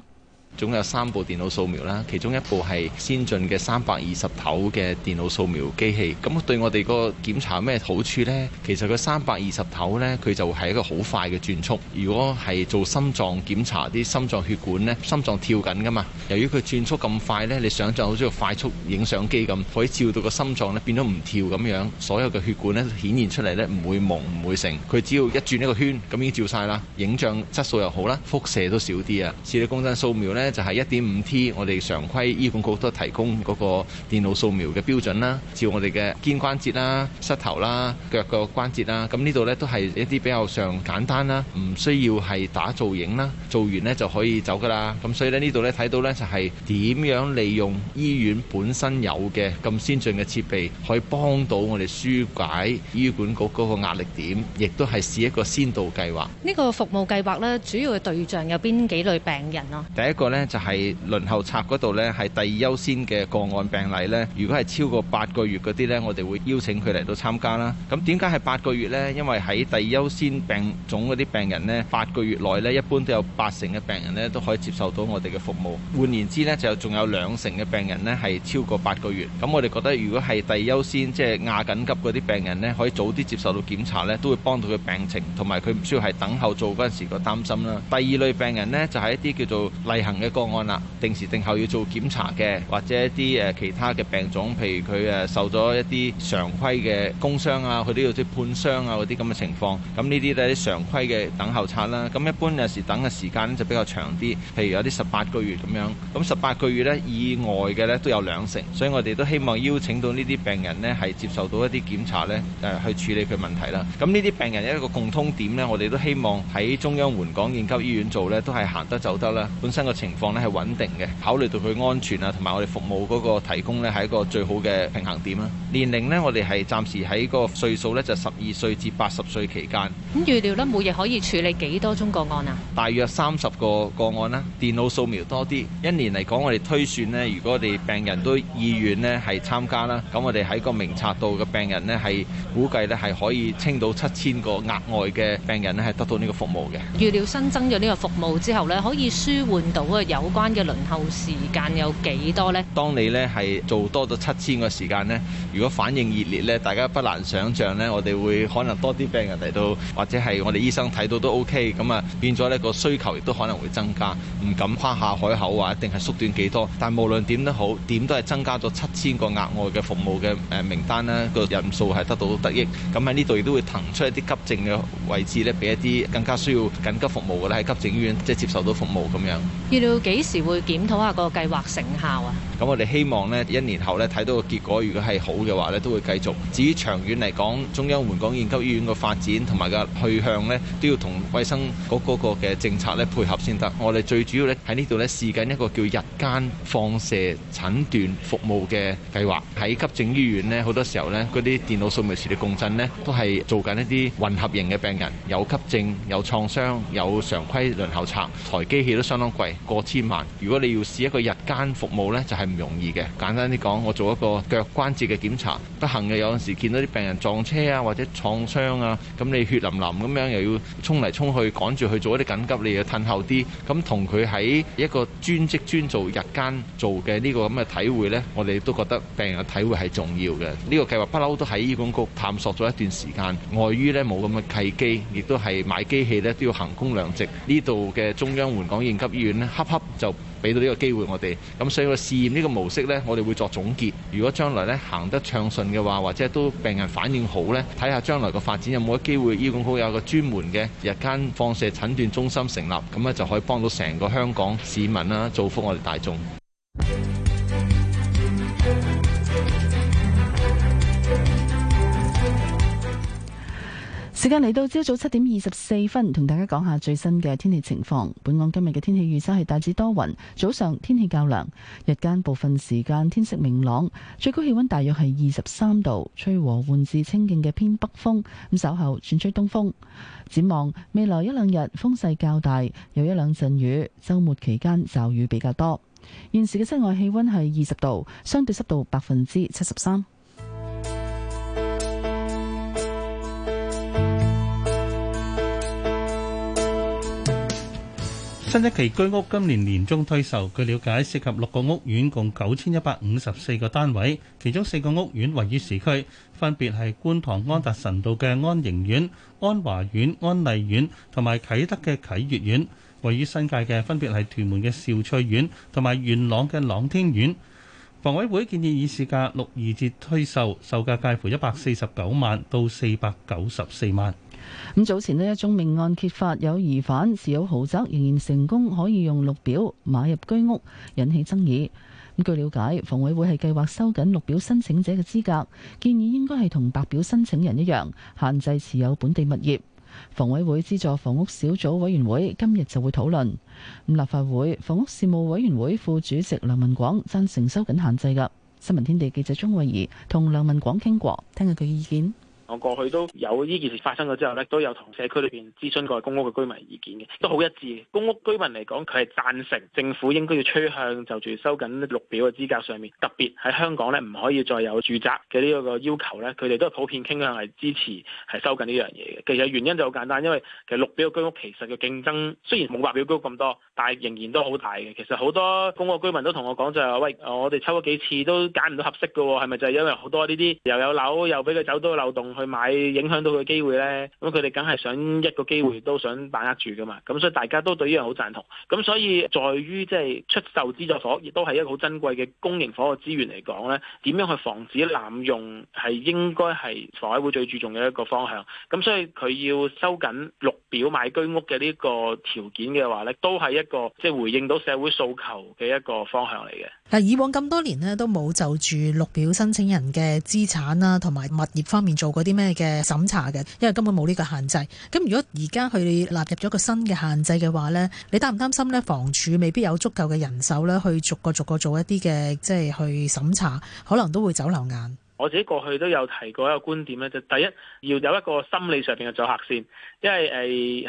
總有三部電腦掃描啦，其中一部係先進嘅三百二十頭嘅電腦掃描機器。咁對我哋個檢查有咩好處呢？其實個三百二十頭呢，佢就係一個好快嘅轉速。如果係做心臟檢查啲心臟血管呢，心臟跳緊㗎嘛。由於佢轉速咁快呢，你想像好似個快速影相機咁，可以照到個心臟呢變咗唔跳咁樣，所有嘅血管呢，顯現出嚟呢，唔會朦唔會成。佢只要一轉一個圈，咁已經照晒啦。影像質素又好啦，輻射都少啲啊。磁力共振掃描呢。咧就係一點五 T，我哋常規醫管局都提供嗰個電腦掃描嘅標準啦，照我哋嘅肩關節啦、膝頭啦、腳個關節啦，咁呢度呢，都係一啲比較上簡單啦，唔需要係打造影啦，做完呢就可以走噶啦。咁所以咧呢度呢，睇到呢就係點樣利用醫院本身有嘅咁先進嘅設備，可以幫到我哋紓解醫管局嗰個壓力點，亦都係試一個先導計劃。呢個服務計劃呢，主要嘅對象有邊幾類病人咯？第一個咧就係輪候冊嗰度呢，係第二優先嘅個案病例呢，如果係超過八個月嗰啲呢我哋會邀請佢嚟到參加啦。咁點解係八個月呢？因為喺第二優先病種嗰啲病人呢八個月內呢，一般都有八成嘅病人呢都可以接受到我哋嘅服務。換言之呢，就仲有兩成嘅病人呢係超過八個月。咁我哋覺得如果係第二優先即係、就是、亞緊急嗰啲病人呢，可以早啲接受到檢查呢，都會幫到佢病情，同埋佢唔需要係等候做嗰陣時個擔心啦。第二類病人呢，就係、是、一啲叫做例行。嘅個案啦，定時定候要做檢查嘅，或者一啲誒、呃、其他嘅病種，譬如佢誒受咗一啲常規嘅工傷啊，佢都要啲判傷啊嗰啲咁嘅情況，咁呢啲都係啲常規嘅等候冊啦。咁一般有時等嘅時間就比較長啲，譬如有啲十八個月咁樣。咁十八個月呢，以外嘅呢都有兩成，所以我哋都希望邀請到呢啲病人呢，係接受到一啲檢查呢誒去處理佢問題啦。咁呢啲病人有一個共通點呢，我哋都希望喺中央援港應急醫院做呢，都係行得走得啦。本身個情況況咧，係穩定嘅，考慮到佢安全啊，同埋我哋服務嗰個提供呢係一個最好嘅平衡點啦。年齡呢，我哋係暫時喺個歲數呢，就十二歲至八十歲期間。咁預料呢，每日可以處理幾多宗個案啊？大約三十個個案啦，電腦掃描多啲。一年嚟講，我哋推算呢，如果我哋病人都意願呢係參加啦，咁我哋喺個名冊度嘅病人呢，係估計呢係可以清到七千個額外嘅病人呢，係得到呢個服務嘅。預料新增咗呢個服務之後呢，可以舒緩到啊。有關嘅輪候時間有幾多呢？當你呢係做多咗七千個時間呢，如果反應熱烈呢，大家不難想像呢，我哋會可能多啲病人嚟到，或者係我哋醫生睇到都 OK。咁啊，變咗呢個需求亦都可能會增加。唔敢誇下海口啊，一定係縮短幾多，但無論點都好，點都係增加咗七千個額外嘅服務嘅誒名單啦。個人數係得到得益。咁喺呢度亦都會騰出一啲急症嘅位置呢，俾一啲更加需要緊急服務嘅咧喺急症醫院即係、就是、接受到服務咁樣。要幾時會檢討下個計劃成效啊？咁我哋希望咧，一年後咧睇到個結果，如果係好嘅話咧，都會繼續。至於長遠嚟講，中央援港應急醫院嘅發展同埋個嘅去向咧，都要同衞生局嗰個嘅政策咧配合先得。我哋最主要咧喺呢度咧試緊一個叫日間放射診斷服務嘅計劃。喺急症醫院咧，好多時候咧嗰啲電腦掃描、磁力共振咧，都係做緊一啲混合型嘅病人，有急症、有創傷、有常規輪候冊。台機器都相當貴，過千萬。如果你要試一個日間服務呢就係、是容易嘅，簡單啲講，我做一個腳關節嘅檢查。不幸嘅有陣時見到啲病人撞車啊，或者創傷啊，咁你血淋淋咁樣又要衝嚟衝去，趕住去做一啲緊急，你要褪後啲。咁同佢喺一個專職專做日間做嘅呢個咁嘅體會呢，我哋都覺得病人嘅體會係重要嘅。呢個計劃不嬲都喺醫管局探索咗一段時間，礙於呢冇咁嘅契機，亦都係買機器呢都要行工量值。呢度嘅中央援港應急醫院呢，恰恰就。俾到呢個機會我哋，咁所以個試驗呢個模式呢，我哋會作總結。如果將來呢行得暢順嘅話，或者都病人反應好呢，睇下將來個發展有冇一機會醫管局有個專門嘅日間放射診斷中心成立，咁呢就可以幫到成個香港市民啦，啊，造福我哋大眾。時間嚟到朝早七點二十四分，同大家講下最新嘅天氣情況。本港今日嘅天氣預測係大致多雲，早上天氣較涼，日間部分時間天色明朗，最高氣溫大約係二十三度，吹和緩至清勁嘅偏北風。咁稍後轉吹東風。展望未來一兩日風勢較大，有一兩陣雨，周末期間驟雨比較多。現時嘅室外氣溫係二十度，相對濕度百分之七十三。新一期居屋今年年中推售，據了解涉及六個屋苑共九千一百五十四個單位，其中四個屋苑位於市區，分別係觀塘安達臣道嘅安盈苑、安華苑、安麗苑，同埋啟德嘅啟悅苑；位於新界嘅分別係屯門嘅兆翠苑，同埋元朗嘅朗天苑。房委會建議以市價六二折推售，售價介乎一百四十九萬到四百九十四萬。咁早前呢，一宗命案揭發有疑犯持有豪宅仍然成功可以用綠表買入居屋引起爭議。咁據了解，房委會係計劃收緊綠表申請者嘅資格，建議應該係同白表申請人一樣，限制持有本地物業。房委會資助房屋小組委員會今日就會討論。立法會房屋事務委員會副主席梁文廣贊成收緊限制噶。新聞天地記者鍾慧儀同梁文廣傾過，聽下佢意見。我過去都有呢件事發生咗之後咧，都有同社區裏邊諮詢過公屋嘅居民意見嘅，都好一致。公屋居民嚟講，佢係贊成政府應該要趨向就住收緊綠表嘅資格上面，特別喺香港咧，唔可以再有住宅嘅呢個要求咧。佢哋都係普遍傾向係支持係收緊呢樣嘢嘅。其實原因就好簡單，因為其實綠表嘅居屋其實嘅競爭雖然冇白表居屋咁多，但係仍然都好大嘅。其實好多公屋居民都同我講就係話：喂，我哋抽咗幾次都揀唔到合適㗎喎，係咪就係因為好多呢啲又有樓又俾佢走多個漏洞？去買影響到佢機會呢，咁佢哋梗係想一個機會都想把握住噶嘛，咁所以大家都對呢樣好贊同。咁所以在於即係出售資助房，亦都係一個好珍貴嘅公營房嘅資源嚟講呢，點樣去防止濫用係應該係房委會最注重嘅一個方向。咁所以佢要收緊綠表買居屋嘅呢個條件嘅話呢，都係一個即係回應到社會訴求嘅一個方向嚟嘅。嗱，以往咁多年呢，都冇就住綠表申請人嘅資產啊，同埋物業方面做過啲咩嘅審查嘅，因為根本冇呢個限制。咁如果而家佢納入咗個新嘅限制嘅話咧，你擔唔擔心咧，房署未必有足夠嘅人手咧，去逐個逐個做一啲嘅，即係去審查，可能都會走漏眼。我自己過去都有提過一個觀點咧，就第一要有一個心理上邊嘅阻嚇先。因為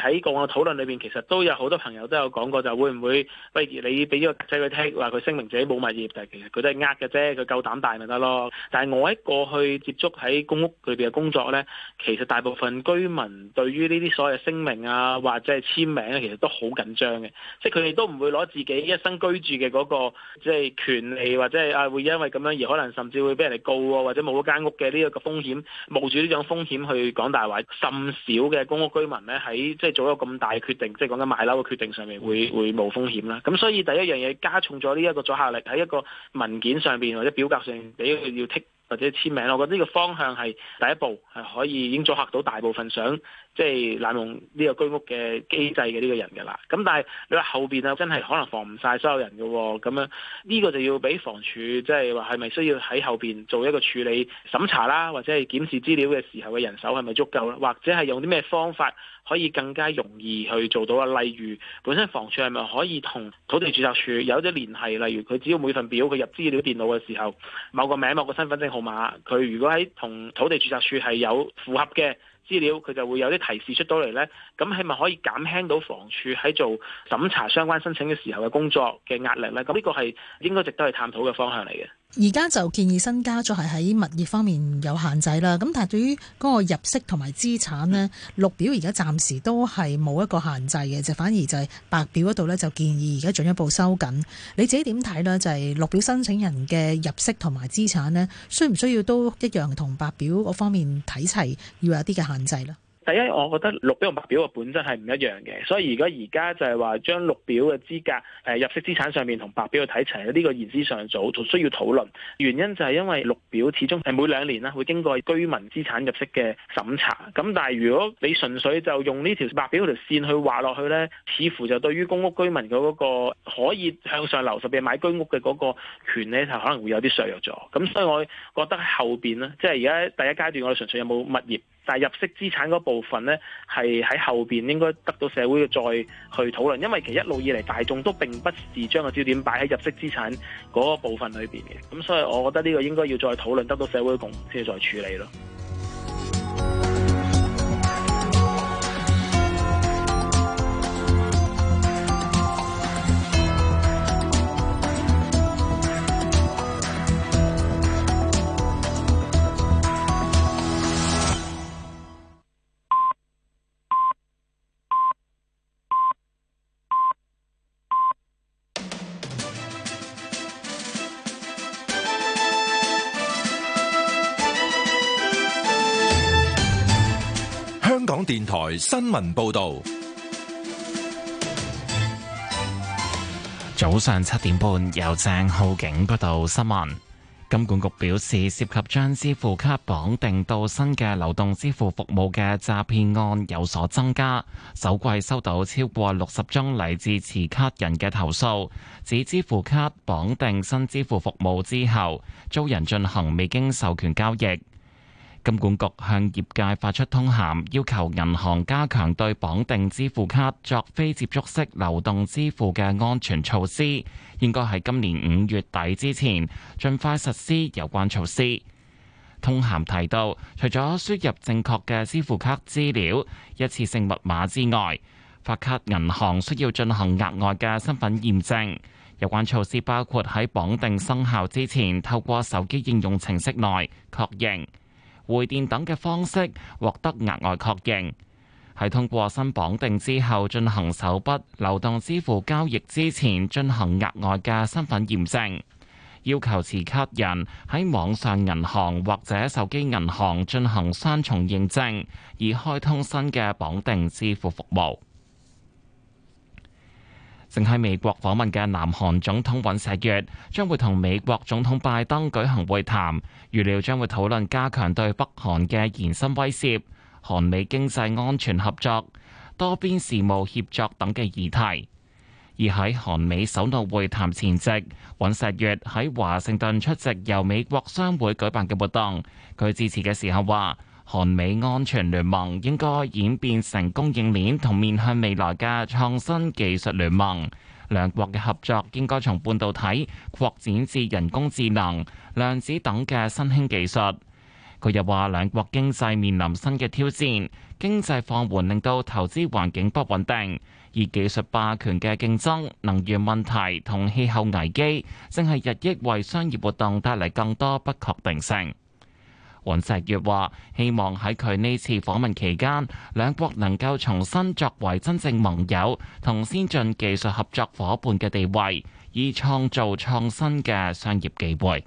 誒喺、欸、個案討論裏邊其實都有好多朋友都有講過，就會唔會不如你俾個客仔佢聽，話佢聲明自己冇物業，但其實佢都係呃嘅啫，佢夠膽大咪得咯。但係我喺過去接觸喺公屋裏邊嘅工作咧，其實大部分居民對於呢啲所謂聲明啊或者係簽名咧、啊，其實都好緊張嘅，即係佢哋都唔會攞自己一生居住嘅嗰、那個即係、就是、權利或者係啊會因為咁樣而可能甚至會俾人哋告喎或者冇咗間屋嘅呢一個風險，冒住呢種風險去講大話，甚少嘅公屋居民咧喺即係做一個咁大嘅決定，即係講緊買樓嘅決定上面會會冒風險啦。咁所以第一樣嘢加重咗呢一個阻嚇力喺一個文件上邊或者表格上俾佢要剔。或者簽名，我覺得呢個方向係第一步，係可以已經阻嚇到大部分想即係濫用呢個居屋嘅機制嘅呢個人㗎啦。咁但係你話後邊啊，真係可能防唔晒所有人嘅喎、哦，咁樣呢個就要俾房署即係話係咪需要喺後邊做一個處理審查啦，或者係檢視資料嘅時候嘅人手係咪足夠咧？或者係用啲咩方法？可以更加容易去做到啊！例如本身房署係咪可以同土地註冊處有啲聯繫，例如佢只要每份表佢入資料電腦嘅時候，某個名、某個身份證號碼，佢如果喺同土地註冊處係有符合嘅資料，佢就會有啲提示出到嚟咧。咁係咪可以減輕到房署喺做審查相關申請嘅時候嘅工作嘅壓力咧？咁呢個係應該值得去探討嘅方向嚟嘅。而家就建議新加咗係喺物業方面有限制啦，咁但係對於嗰個入息同埋資產呢，綠、嗯、表而家暫時都係冇一個限制嘅，就反而就係白表嗰度呢，就建議而家進一步收緊。你自己點睇呢？就係、是、綠表申請人嘅入息同埋資產呢，需唔需要都一樣同白表嗰方面睇齊要有啲嘅限制咧？第一，我覺得綠表同白表嘅本質係唔一樣嘅，所以而家而家就係話將綠表嘅資格誒、呃、入息資產上面同白表去睇齊，呢、這個言之尚早，仲需要討論。原因就係因為綠表始終係每兩年啦，會經過居民資產入息嘅審查。咁但係如果你純粹就用呢條白表條線去畫落去呢，似乎就對於公屋居民嘅嗰個可以向上流十，特別係買居屋嘅嗰個權利，就可能會有啲削弱咗。咁所以我覺得後邊呢，即係而家第一階段，我哋純粹有冇物業。但係入息資產嗰部分呢，係喺後邊應該得到社會嘅再去討論，因為其實一路以嚟大眾都並不是將個焦點擺喺入息資產嗰部分裏邊嘅，咁所以我覺得呢個應該要再討論，得到社會嘅共識再處理咯。台新聞報導，早上七點半由鄭浩景報道新聞。金管局表示，涉及將支付卡綁定到新嘅流動支付服務嘅詐騙案有所增加，首季收到超過六十宗嚟自持卡人嘅投訴，指支付卡綁定新支付服務之後，遭人進行未經授權交易。金管局向業界發出通函，要求銀行加強對綁定支付卡作非接觸式流動支付嘅安全措施，應該喺今年五月底之前盡快實施有關措施。通函提到，除咗輸入正確嘅支付卡資料，一次性密碼之外，發卡銀行需要進行額外嘅身份驗證。有關措施包括喺綁定生效之前，透過手機應用程式內確認，回電等嘅方式獲得額外確認，係通過新綁定之後進行首筆流動支付交易之前進行額外嘅身份驗證，要求持卡人喺網上銀行或者手機銀行進行雙重認證，以開通新嘅綁定支付服務。正喺美國訪問嘅南韓總統尹錫悅將會同美國總統拜登舉行會談，預料將會討論加強對北韓嘅延伸威懾、韓美經濟安全合作、多邊事務協作等嘅議題。而喺韓美首腦會談前夕，尹錫悅喺華盛頓出席由美國商會舉辦嘅活動，佢致辭嘅時候話。韓美安全聯盟應該演變成供應鏈同面向未來嘅創新技術聯盟。兩國嘅合作應該從半導體擴展至人工智能、量子等嘅新興技術。佢又話，兩國經濟面臨新嘅挑戰，經濟放緩令到投資環境不穩定，而技術霸權嘅競爭、能源問題同氣候危機，正係日益為商業活動帶嚟更多不確定性。王石月話：希望喺佢呢次訪問期間，兩國能夠重新作為真正盟友同先進技術合作伙伴嘅地位，以創造創新嘅商業機會。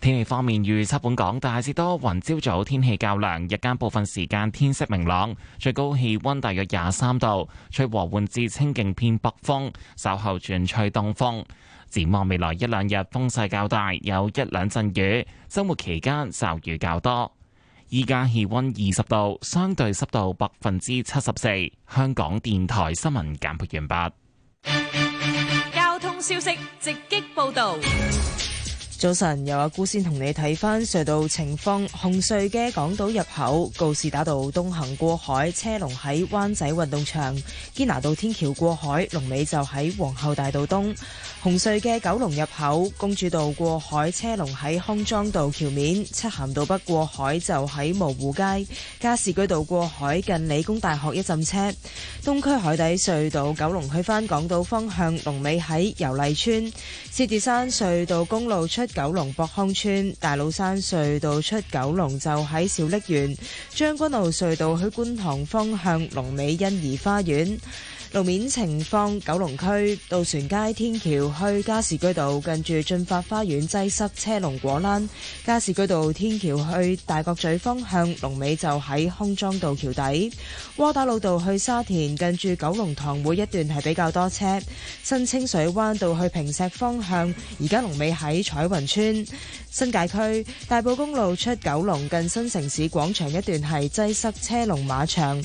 天氣方面，預測本港大致多雲，朝早天氣較涼，日間部分時間天色明朗，最高氣温大約廿三度，吹和緩至清勁偏北風，稍後轉吹東風。展望未來一兩日風勢較大，有一兩陣雨。周末期間驟雨較多。依家氣温二十度，相對濕度百分之七十四。香港電台新聞簡報完畢。交通消息直擊報道。早晨，由阿姑先同你睇返隧道情況。紅隧嘅港島入口告士打道東行過海車龍喺灣仔運動場堅拿道天橋過海龍尾就喺皇后大道東。同隧嘅九龍入口，公主道過海車龍喺康莊道橋面；漆咸道北過海就喺蕪湖街；加士居道過海近理工大學一浸車；東區海底隧道九龍去返港島方向龍尾喺油麗邨；獅子山隧道公路出九龍博康邨；大老山隧道出九龍就喺小瀝源；將軍澳隧道去觀塘方向龍尾欣怡花園。路面情況：九龍區渡船街天橋去加士居道，近住進發花園擠塞車龍果欄；加士居道天橋去大角咀方向，龍尾就喺空莊道橋底；窩打老道去沙田，近住九龍塘每一段係比較多車；新清水灣道去坪石方向，而家龍尾喺彩雲村。新界區大埔公路出九龍近新城市廣場一段係擠塞車龍馬場。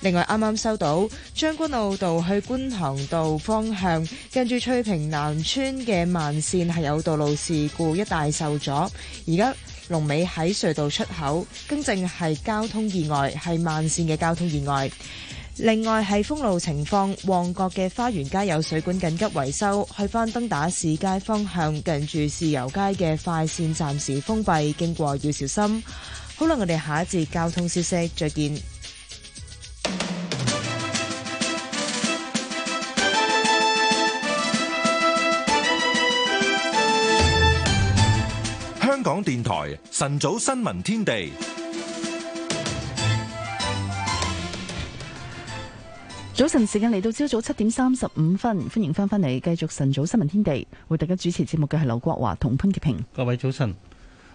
另外啱啱收到將軍澳道去觀塘道方向，近住翠屏南村嘅慢線係有道路事故，一帶受阻，而家龍尾喺隧道出口，更正係交通意外，係慢線嘅交通意外。另外係封路情況，旺角嘅花園街有水管緊急維修，去翻登打士街方向，近住豉油街嘅快線暫時封閉，經過要小心。好啦，我哋下一節交通消息再見。晨早新聞天地，早晨時間嚟到，朝早七點三十五分，歡迎翻返嚟，繼續晨早新聞天地。為大家主持節目嘅係劉國華同潘潔平。各位早晨，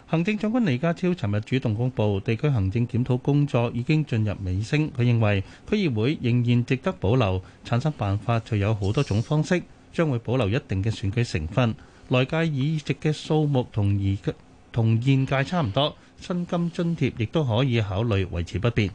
行政長官李家超尋日主動公布地區行政檢討工作已經進入尾聲。佢認為區議會仍然值得保留，產生辦法就有好多種方式，將會保留一定嘅選舉成分。外界議席嘅數目同而。同現屆差唔多，薪金津貼亦都可以考慮維持不變。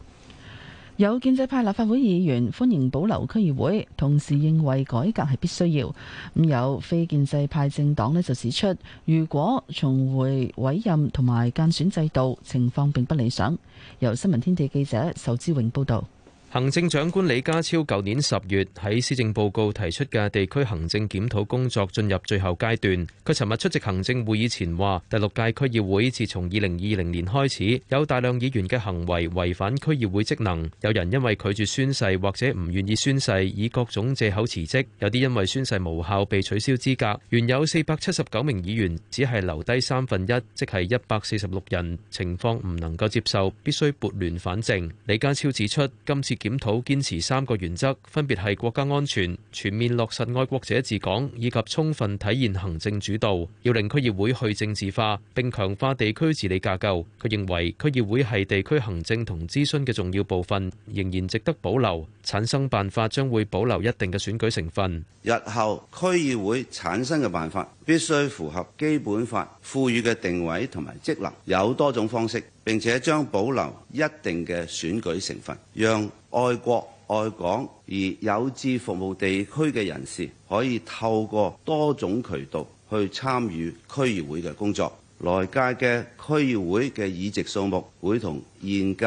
有建制派立法會議員歡迎保留區議會，同時認為改革係必須要。咁有非建制派政黨咧就指出，如果重回委任同埋間選制度，情況並不理想。由新聞天地記者仇之永報導。行政長官李家超舊年十月喺施政報告提出嘅地區行政檢討工作進入最後階段。佢尋日出席行政會議前話，第六屆區議會自從二零二零年開始，有大量議員嘅行為違反區議會職能。有人因為拒絕宣誓或者唔願意宣誓，以各種借口辭職。有啲因為宣誓無效被取消資格。原有四百七十九名議員，只係留低三分一，即係一百四十六人，情況唔能夠接受，必須撥亂反正。李家超指出，今次檢討堅持三個原則，分別係國家安全、全面落實愛國者治港以及充分體現行政主導。要令區議會去政治化，並強化地區治理架構。佢認為區議會係地區行政同諮詢嘅重要部分，仍然值得保留。產生辦法將會保留一定嘅選舉成分。日後區議會產生嘅辦法必須符合基本法，賦予嘅定位同埋職能，有多種方式。並且將保留一定嘅選舉成分，讓愛國愛港而有志服務地區嘅人士，可以透過多種渠道去參與區議會嘅工作。來屆嘅區議會嘅議席數目會同現屆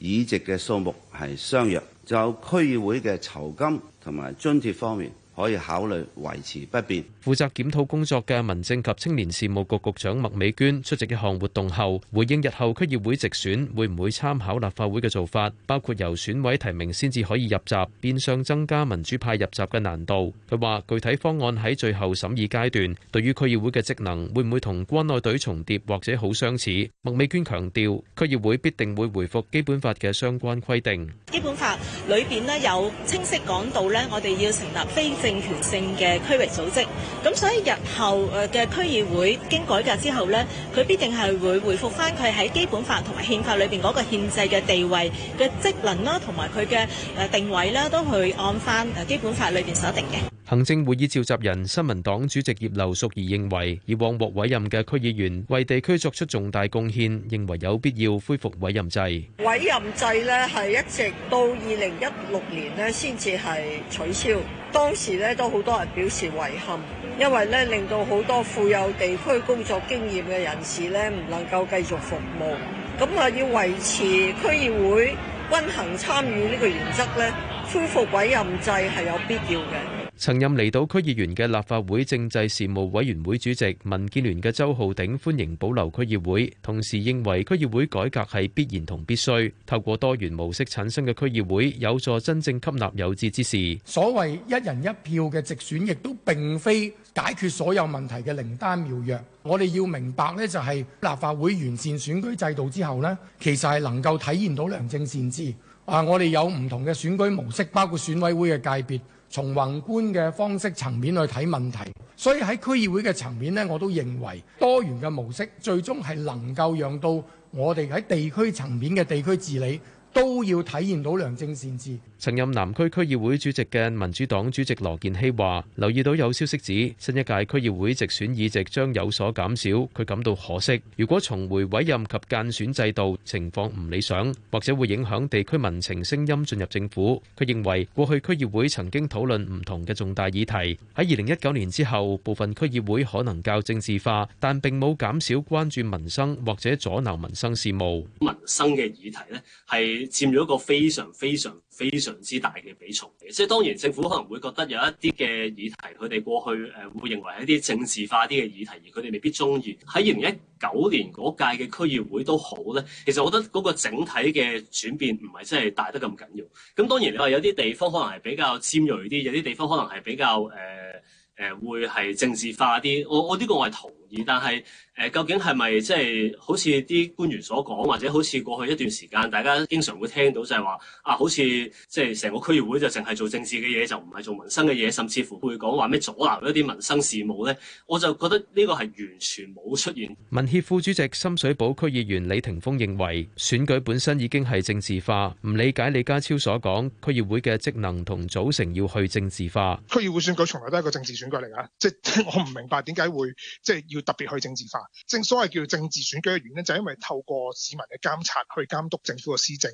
議席嘅數目係相若。就區議會嘅酬金同埋津貼方面，可以考慮維持不變。負責檢討工作嘅民政及青年事務局局長麥美娟出席一項活動後，回應日後區議會直選會唔會參考立法會嘅做法，包括由選委提名先至可以入閘，變相增加民主派入閘嘅難度。佢話：具體方案喺最後審議階段，對於區議會嘅職能會唔會同關愛隊重疊或者好相似？麥美娟強調，區議會必定會回復基本法嘅相關規定。基本法裏邊呢有清晰講到呢，我哋要成立非政權性嘅區域組織，咁所以日後誒嘅區議會經改革之後呢，佢必定係會回復翻佢喺基本法同埋憲法裏邊嗰個憲制嘅地位嘅職能啦，同埋佢嘅誒定位啦，都去按翻誒基本法裏邊所定嘅。行政會議召集人、新民黨主席葉劉淑儀認為，以往獲委任嘅區議員為地區作出重大貢獻，認為有必要恢復委任制。委任制咧係一直到二零一六年咧先至係取消，當時咧都好多人表示遺憾，因為咧令到好多富有地區工作經驗嘅人士咧唔能夠繼續服務。咁啊要維持區議會均衡參與呢個原則咧，恢復委任制係有必要嘅。曾任離島區議員嘅立法會政制事務委員會主席、民建聯嘅周浩鼎歡迎保留區議會，同時認為區議會改革係必然同必須。透過多元模式產生嘅區議會，有助真正吸納有志之士。所謂一人一票嘅直選，亦都並非解決所有問題嘅靈丹妙藥。我哋要明白呢，就係立法會完善選舉制度之後呢，其實係能夠體現到良政善治啊！我哋有唔同嘅選舉模式，包括選委會嘅界別。從宏觀嘅方式層面去睇問題，所以喺區議會嘅層面呢，我都認為多元嘅模式最終係能夠讓到我哋喺地區層面嘅地區治理都要體現到良政善治。曾任南區區議會主席嘅民主黨主席羅健熙話，留意到有消息指新一屆區議會直選議席將有所減少，佢感到可惜。如果重回委任及間選制度，情況唔理想，或者會影響地區民情聲音進入政府。佢認為過去區議會曾經討論唔同嘅重大議題，喺二零一九年之後，部分區議會可能較政治化，但並冇減少關注民生或者阻撓民生事務。民生嘅議題咧，係佔咗一個非常非常。非常之大嘅比重，即係當然政府可能會覺得有一啲嘅議題，佢哋過去誒、呃、會認為係一啲政治化啲嘅議題，而佢哋未必中意。喺二零一九年嗰屆嘅區議會都好咧，其實我覺得嗰個整體嘅轉變唔係真係大得咁緊要。咁當然你話有啲地方可能係比較尖銳啲，有啲地方可能係比較誒誒、呃呃、會係政治化啲。我我呢個我係同意，但係。誒，究竟係咪即係好似啲官員所講，或者好似過去一段時間大家經常會聽到就係話啊，好似即係成個區議會就淨係做政治嘅嘢，就唔係做民生嘅嘢，甚至乎會講話咩阻攔一啲民生事務咧？我就覺得呢個係完全冇出現。民協副主席深水埗區議員李庭豐認為，選舉本身已經係政治化，唔理解李家超所講區議會嘅職能同組成要去政治化。區議會選舉從來都係個政治選舉嚟㗎，即係我唔明白點解會即係要特別去政治化。正所謂叫政治選舉嘅原因，就係因為透過市民嘅監察去監督政府嘅施政，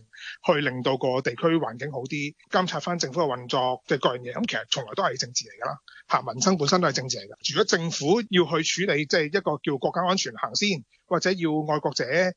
去令到個地區環境好啲，監察返政府嘅運作即係各樣嘢。咁其實從來都係政治嚟㗎啦，嚇，民生本身都係政治嚟㗎。除咗政府要去處理，即係一個叫國家安全行先。或者要愛國者誒誒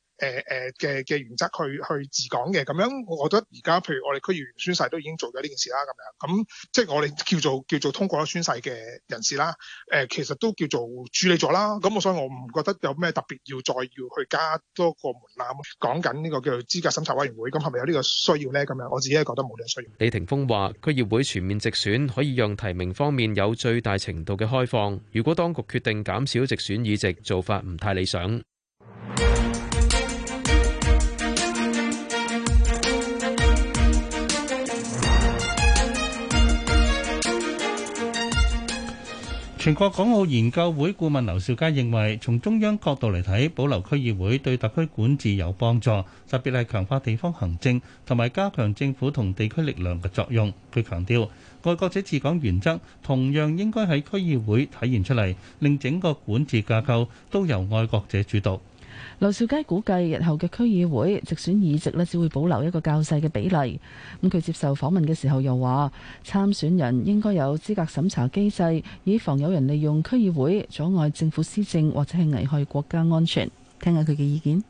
嘅嘅原則去去治港嘅咁樣，我覺得而家譬如我哋區議員宣誓都已經做咗呢件事啦。咁樣咁即係我哋叫做叫做通過咗宣誓嘅人士啦。誒，其實都叫做處理咗啦。咁我所以我唔覺得有咩特別要再要去加多個門檻。講緊呢個叫資格審查委員會，咁係咪有呢個需要咧？咁樣我自己係覺得冇呢個需要。李霆鋒話：區議會全面直選可以讓提名方面有最大程度嘅開放。如果當局決定減少直選議席，做法唔太理想。全國港澳研究會顧問劉兆佳認為，從中央角度嚟睇，保留區議會對特區管治有幫助，特別係強化地方行政同埋加強政府同地區力量嘅作用。佢強調，愛國者治港原則同樣應該喺區議會體現出嚟，令整個管治架構都由愛國者主導。劉兆佳估計日後嘅區議會直選議席咧只會保留一個較細嘅比例。咁佢接受訪問嘅時候又話，參選人應該有資格審查機制，以防有人利用區議會阻礙政府施政或者係危害國家安全。聽下佢嘅意見。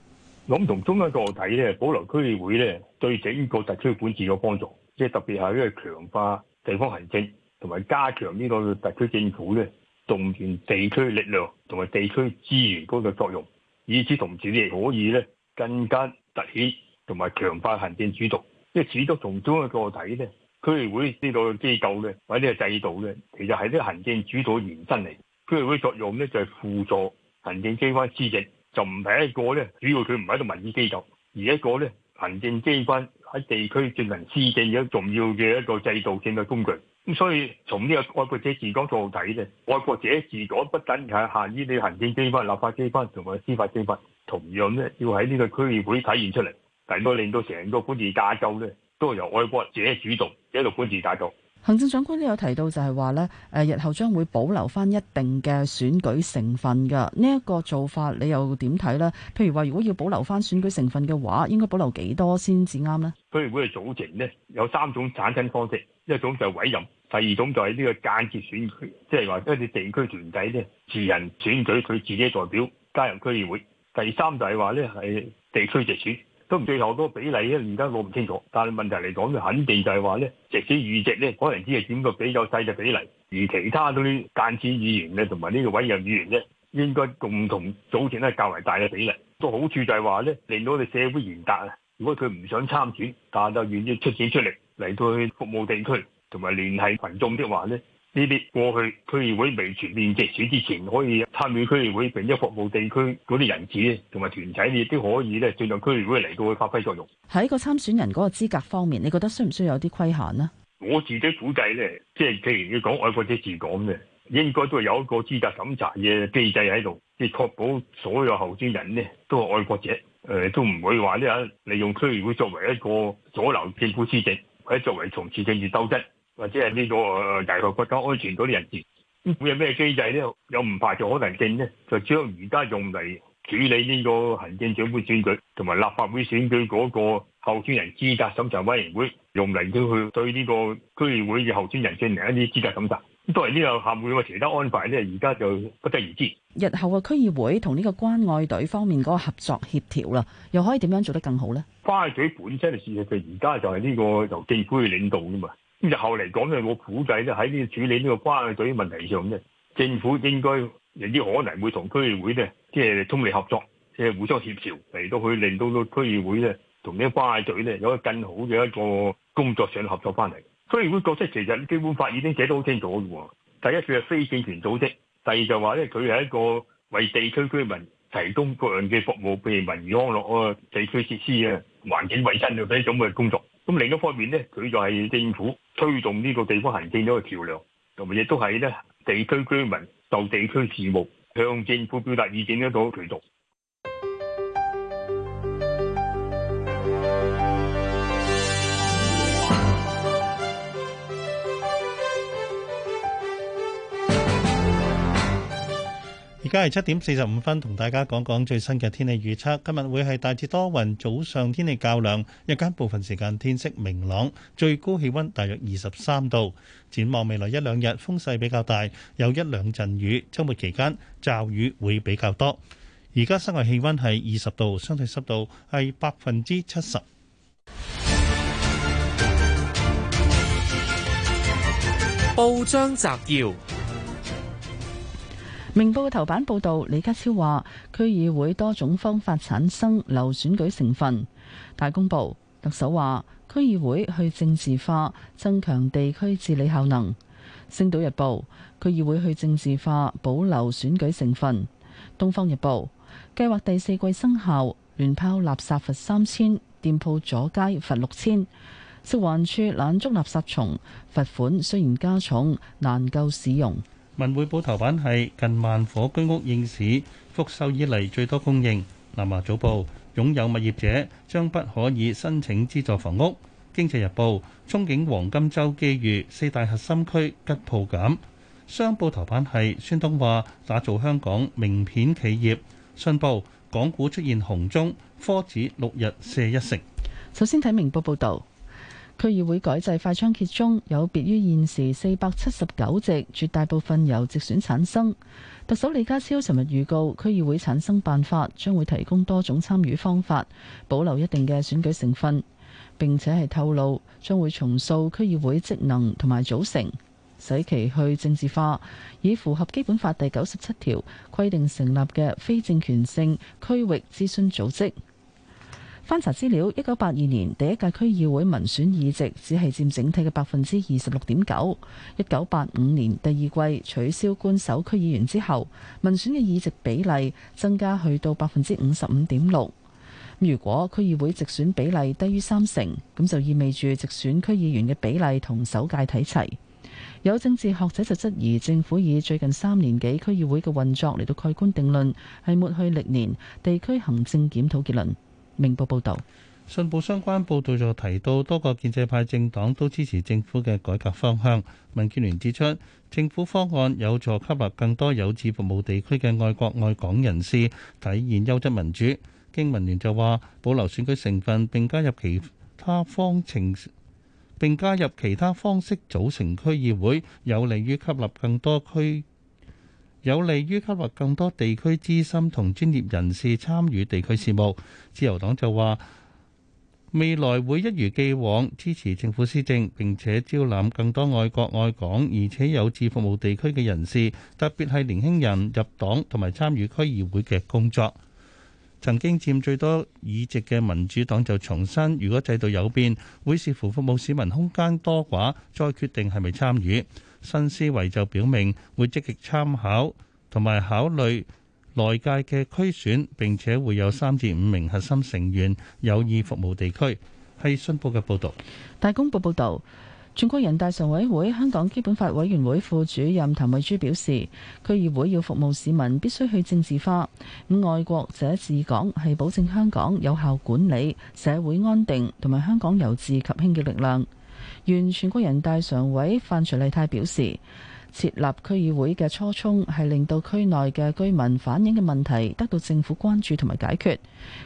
我諗同中央坐底咧保留區議會咧，對整個特區管治有幫助，即係特別係呢個強化地方行政同埋加強呢個特區政府咧，動員地區力量同埋地區資源嗰個作用。以此同時，你可以咧更加凸顯同埋強化行政主導，即係始終從中一個體咧，區議會呢個機構嘅或者呢個制度咧，其實係呢個行政主導嘅延伸嚟，區議會作用咧就係輔助行政機關施政，就唔係一個咧，主要佢唔係一個民意機構，而一個咧，行政機關喺地區進行施政嘅重要嘅一個制度性嘅工具。咁所以從呢個愛國者治港角度睇咧，愛國者治港不僅係限於你行政機關、立法機關同埋司法機關，同樣咧要喺呢個區議會體現出嚟，最多令到成個管治架構咧都係由愛國者主導喺度管治架構。行政長官都有提到就係話咧，誒日後將會保留翻一定嘅選舉成分㗎，呢、這、一個做法你又點睇咧？譬如話如果要保留翻選舉成分嘅話，應該保留幾多先至啱咧？區議會嘅組成呢，有三種產生方式，一種就係委任。第二種就係呢個間接選舉，即係話一啲地區團體咧自人選舉佢自己代表加入區議會。第三就係話咧係地區直選，都最後嗰個比例咧，而家我唔清楚。但係問題嚟講咧，肯定就係話咧直選議席咧，可能只係佔個比較細嘅比例，而其他啲間接議員咧同埋呢個委任議員咧，應該共同組成咧較為大嘅比例。個好處就係話咧令到我哋社會賢達。啊，如果佢唔想參選，但就願意出錢出力嚟到去服務地區。同埋聯繫群眾的話咧，呢啲過去區議會未全面直選之前，可以參與區議會，並且服務地區嗰啲人士咧，同埋團體亦都可以咧，進入區議會嚟到去發揮作用。喺個參選人嗰個資格方面，你覺得需唔需要有啲規限呢？我自己估計咧，即係既然要講愛國者治港嘅，應該都係有一個資格審查嘅機制喺度，即係確保所有候選人呢都係愛國者，誒、呃、都唔會話咧利用區議會作為一個阻留政府施政，或者作為從事政治鬥爭。或者係呢個誒，危害國家安全嗰啲人士，會有咩機制咧？有唔排除可能性咧？就將而家用嚟處理呢個行政長官選舉同埋立法會選舉嗰個候選人資格審查委員會用嚟到去對呢個區議會嘅候選人進行一啲資格審查。當然呢個下會嘅其他安排咧，而家就不得而知。日後嘅區議會同呢個關愛隊方面嗰個合作協調啦，又可以點樣做得更好咧？關愛隊本身嘅事實嘅，而家就係呢個由政府去領導噶嘛。咁就後嚟講咧，我估計咧喺呢個處理呢個關愛隊問題上咧，政府應該有啲可能會同區議會咧，即係通力合作，即係互相協調，嚟到去令到個區議會咧，同啲關愛隊咧有更好嘅一個工作上合作翻嚟。區議會角色其實基本法已經寫得好清楚嘅喎。第一，佢係非政權組織；第二，就話咧佢係一個為地區居民提供各樣嘅服務，譬如民娛康樂啊、地區設施啊、環境衞生啊嗰啲咁嘅工作。咁另一方面呢，佢就係政府推動呢個地方行政嗰個橋梁，同埋亦都係呢地區居民就地區事務向政府表達意見嗰個渠道。而家係七點四十五分，同大家講講最新嘅天氣預測。今日會係大致多雲，早上天氣較涼，日間部分時間天色明朗，最高氣溫大約二十三度。展望未來一兩日，風勢比較大，有一兩陣雨。周末期間，驟雨會比較多。而家室外氣溫係二十度，相對濕度係百分之七十。報章摘要。明報嘅頭版報道，李家超話區議會多種方法產生留選舉成分。大公報特首話區議會去政治化，增強地區治理效能。星島日報區議會去政治化，保留選舉成分。東方日報計劃第四季生效，亂拋垃圾罰三千，店鋪阻街罰六千，食環處懶捉垃圾蟲，罰款雖然加重，難夠使用。文匯報頭版係近萬伙居屋應市復售以嚟最多供應。南華早報擁有物業者將不可以申請資助房屋。經濟日報憧憬黃金週機遇，四大核心區吉舖減。商報頭版係孫東話打造香港名片企業。信報港股出現紅中，科指六日跌一成。首先睇明報報道。區議會改制快將揭盅，有別於現時四百七十九席，絕大部分由直選產生。特首李家超尋日預告，區議會產生辦法將會提供多種參與方法，保留一定嘅選舉成分。並且係透露，將會重塑區議會職能同埋組成，使其去政治化，以符合基本法第九十七條規定成立嘅非政權性區域諮詢組織。翻查資料，一九八二年第一屆區議會民選議席只係佔整體嘅百分之二十六點九。一九八五年第二季取消官守區議員之後，民選嘅議席比例增加去到百分之五十五點六。如果區議會直選比例低於三成，咁就意味住直選區議員嘅比例同首屆睇齊。有政治學者就質疑政府以最近三年幾區議會嘅運作嚟到蓋棺定論，係抹去歷年地區行政檢討結論。明報報導，信報相關報導就提到，多個建制派政黨都支持政府嘅改革方向。民建聯指出，政府方案有助吸納更多有志服務地區嘅愛國愛港人士，體現優質民主。經民聯就話，保留選舉成分並加入其他方程並加入其他方式組成區議會，有利於吸納更多區。有利於吸納更多地區資深同專業人士參與地區事務，自由黨就話未來會一如既往支持政府施政，並且招攬更多愛國愛港而且有志服務地區嘅人士，特別係年輕人入黨同埋參與區議會嘅工作。曾經佔最多議席嘅民主黨就重申，如果制度有變，會視乎服務市民空間多寡，再決定係咪參與。新思維就表明會積極參考同埋考慮內界嘅區選，並且會有三至五名核心成員有意服務地區。係信報嘅報道，大公報報導。全國人大常委會香港基本法委員會副主任譚慧珠表示，區議會要服務市民，必須去政治化。愛國者治港係保證香港有效管理、社會安定同埋香港由治及興嘅力量。原全國人大常委范徐麗泰表示。設立區議會嘅初衷係令到區內嘅居民反映嘅問題得到政府關注同埋解決。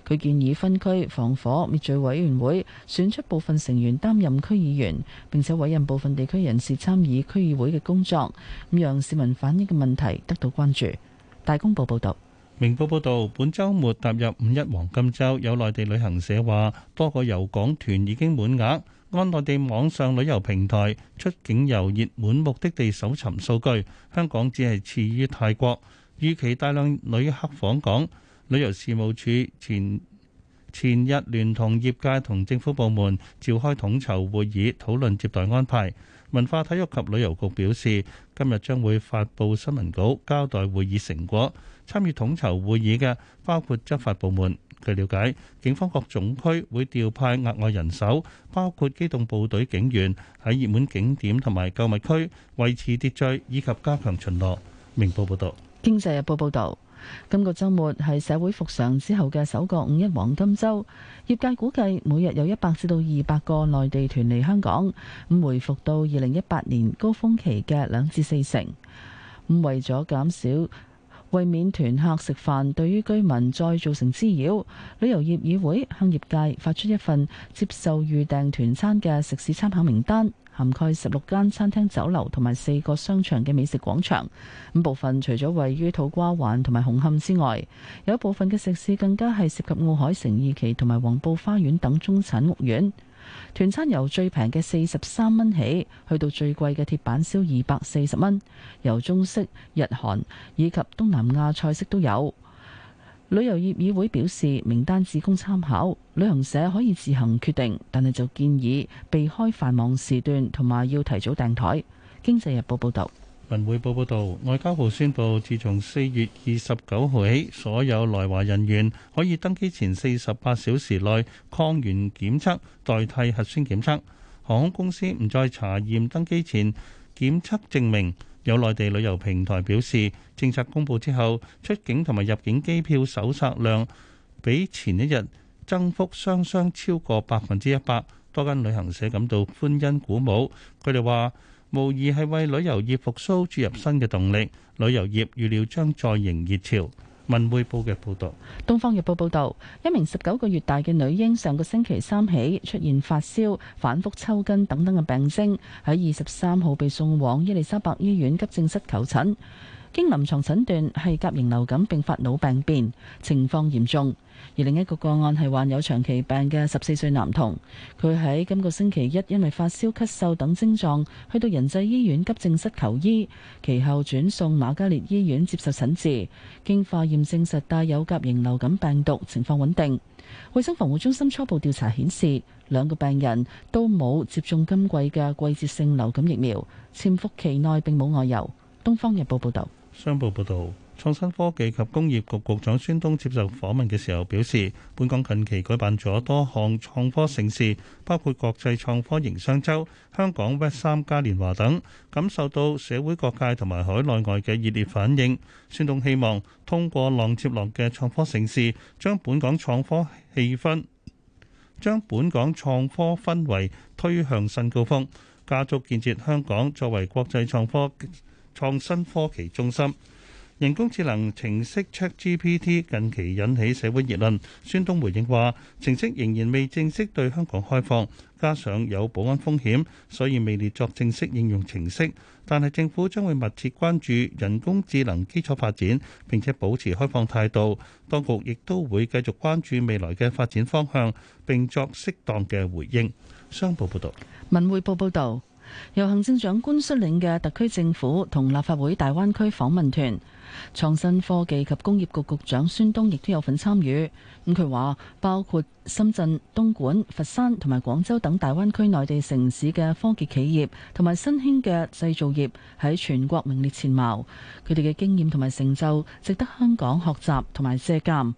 佢建議分區防火滅罪委員會選出部分成員擔任區議員，並且委任部分地區人士參與區議會嘅工作，咁讓市民反映嘅問題得到關注。大公報報道，明報報道，本周末踏入五一黃金周，有內地旅行社話，多個遊港團已經滿額。按內地網上旅遊平台出境遊熱門目的地搜尋數據，香港只係次於泰國。預期大量旅客訪港，旅遊事務處前前日聯同業界同政府部門召開統籌會議，討論接待安排。文化體育及旅遊局表示，今日將會發布新聞稿，交代會議成果。參與統籌會議嘅包括執法部門。據瞭解，警方各總區會調派額外人手，包括機動部隊警員喺熱門景點同埋購物區維持秩序，以及加強巡邏。明報報道，經濟日報報道，今個週末係社會復常之後嘅首個五一黃金週，業界估計每日有一百至到二百個內地團嚟香港，咁回復到二零一八年高峰期嘅兩至四成。咁為咗減少為免團客食飯對於居民再造成滋擾，旅遊業議會向業界發出一份接受預訂團餐嘅食肆參考名單，涵蓋十六間餐廳酒樓同埋四個商場嘅美食廣場。咁部分除咗位於土瓜灣同埋紅磡之外，有一部分嘅食肆更加係涉及奧海城二期同埋黃埔花園等中產屋苑。團餐由最平嘅四十三蚊起，去到最貴嘅鐵板燒二百四十蚊，由中式、日韓以及東南亞菜式都有。旅遊業議會表示，名單只供參考，旅行社可以自行決定，但係就建議避開繁忙時段，同埋要提早訂台。經濟日報報道。文匯報報道，外交部宣佈，自從四月二十九號起，所有來華人員可以登機前四十八小時內抗原檢測代替核酸檢測。航空公司唔再查驗登機前檢測證明。有內地旅遊平台表示，政策公佈之後，出境同埋入境機票搜索量比前一日增幅雙雙超過百分之一百，多間旅行社感到歡欣鼓舞。佢哋話。無疑係為旅遊業復蘇注入新嘅動力，旅遊業預料將再迎熱潮。文匯報嘅報道。東方日報報道，一名十九個月大嘅女嬰上個星期三起出現發燒、反覆抽筋等等嘅病徵，喺二十三號被送往伊利沙伯醫院急症室求診。經臨牀診斷係甲型流感併發腦病變，情況嚴重。而另一個個案係患有長期病嘅十四歲男童，佢喺今個星期一因為發燒、咳嗽等症狀，去到仁濟醫院急症室求醫，其後轉送瑪嘉烈醫院接受診治。經化驗證實帶有甲型流感病毒，情況穩定。衛生防護中心初步調查顯示，兩個病人都冇接種今季嘅季節性流感疫苗，潛伏期內並冇外遊。東方日報報道。商報報導，創新科技及工業局局長孫東接受訪問嘅時候表示，本港近期舉辦咗多項創科盛事，包括國際創科營商週、香港 Web3 嘉年華等，感受到社會各界同埋海內外嘅熱烈反應。孫東希望通過浪接浪嘅創科盛事，將本港創科氣氛將本港創科氛圍推向新高峰，加速建設香港作為國際創科。創新科技中心人工智能程式 ChatGPT 近期引起社會熱論，孫東回應話：程式仍然未正式對香港開放，加上有保安風險，所以未列作正式應用程式。但係政府將會密切關注人工智能基礎發展，並且保持開放態度。當局亦都會繼續關注未來嘅發展方向，並作適當嘅回應。商報報道，文匯報報道。由行政長官率領嘅特區政府同立法會大灣區訪問團，創新科技及工業局局長孫東亦都有份參與。咁佢話，包括深圳、東莞、佛山同埋廣州等大灣區內地城市嘅科技企業同埋新興嘅製造業喺全國名列前茅，佢哋嘅經驗同埋成就值得香港學習同埋借鑒。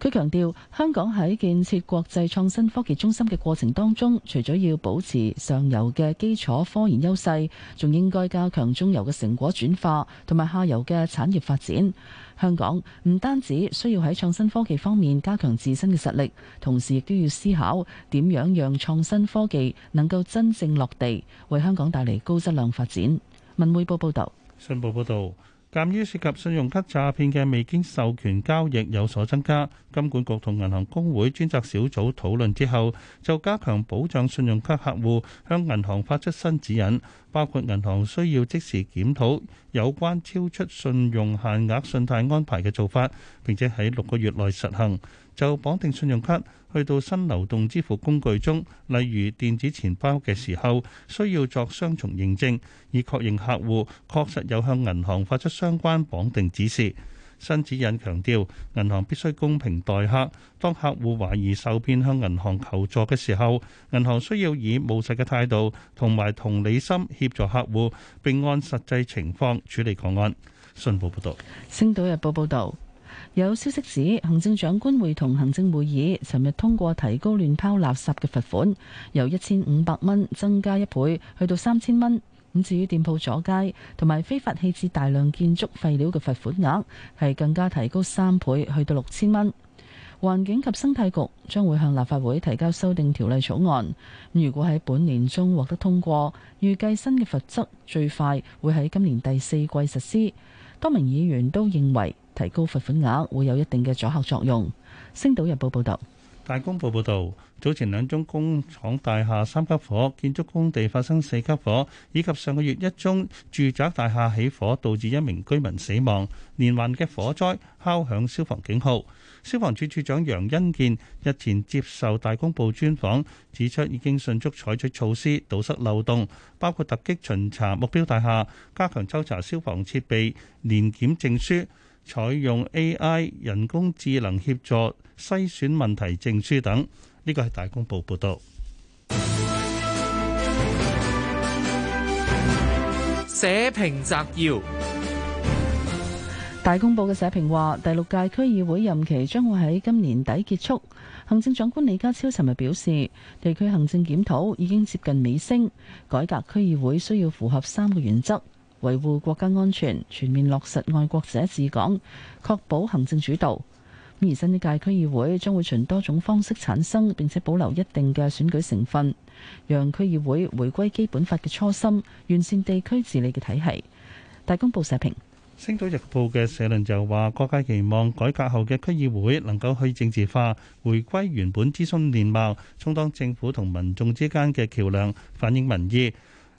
佢強調，香港喺建設國際創新科技中心嘅過程當中，除咗要保持上游嘅基礎科研優勢，仲應該加強中游嘅成果轉化同埋下游嘅產業發展。香港唔單止需要喺創新科技方面加強自身嘅實力，同時亦都要思考點樣讓創新科技能夠真正落地，為香港帶嚟高質量發展。文匯報報道。新報報導。鑒於涉及信用卡詐騙嘅未經授權交易有所增加，金管局同銀行公會專責小組討論之後，就加強保障信用卡客戶，向銀行發出新指引，包括銀行需要即時檢討有關超出信用限額信貸安排嘅做法，並且喺六個月內實行。就綁定信用卡去到新流動支付工具中，例如電子錢包嘅時候，需要作雙重認證，以確認客戶確實有向銀行發出相關綁定指示。新指引強調，銀行必須公平待客，當客戶懷疑受騙向銀行求助嘅時候，銀行需要以務實嘅態度同埋同理心協助客戶，並按實際情況處理個案。信報報道。星島日報報道。有消息指，行政長官會同行政會議尋日通過提高亂拋垃圾嘅罰款，由一千五百蚊增加一倍，去到三千蚊。咁至於店鋪阻街同埋非法棄置大量建築廢料嘅罰款額，係更加提高三倍，去到六千蚊。環境及生態局將會向立法會提交修訂條例草案。咁如果喺本年中獲得通過，預計新嘅罰則最快會喺今年第四季實施。多名議員都認為。提高罰款額會有一定嘅阻嚇作用。星島日報報道，大公報報道，早前兩宗工廠大廈三級火，建築工地發生四級火，以及上個月一宗住宅大廈起火，導致一名居民死亡，連環嘅火災敲響消防警號。消防處處長楊恩健日前接受大公報專訪，指出已經迅速採取措施堵塞漏洞，包括突擊巡查目標大廈，加強抽查消防設備、年檢證書。採用 AI 人工智能協助篩選問題證書等，呢個係大公報報道。社評摘要：大公報嘅社評話，第六屆區議會任期將會喺今年底結束。行政長官李家超尋日表示，地區行政檢討已經接近尾聲，改革區議會需要符合三個原則。維護國家安全，全面落實愛國者治港，確保行政主導。而新一屆區議會將會循多種方式產生，並且保留一定嘅選舉成分，讓區議會回歸基本法嘅初心，完善地區治理嘅體系。大公報社評。《星島日報》嘅社論就話：各界期望改革後嘅區議會能夠去政治化，回歸原本諮詢面貌，充當政府同民眾之間嘅橋梁，反映民意。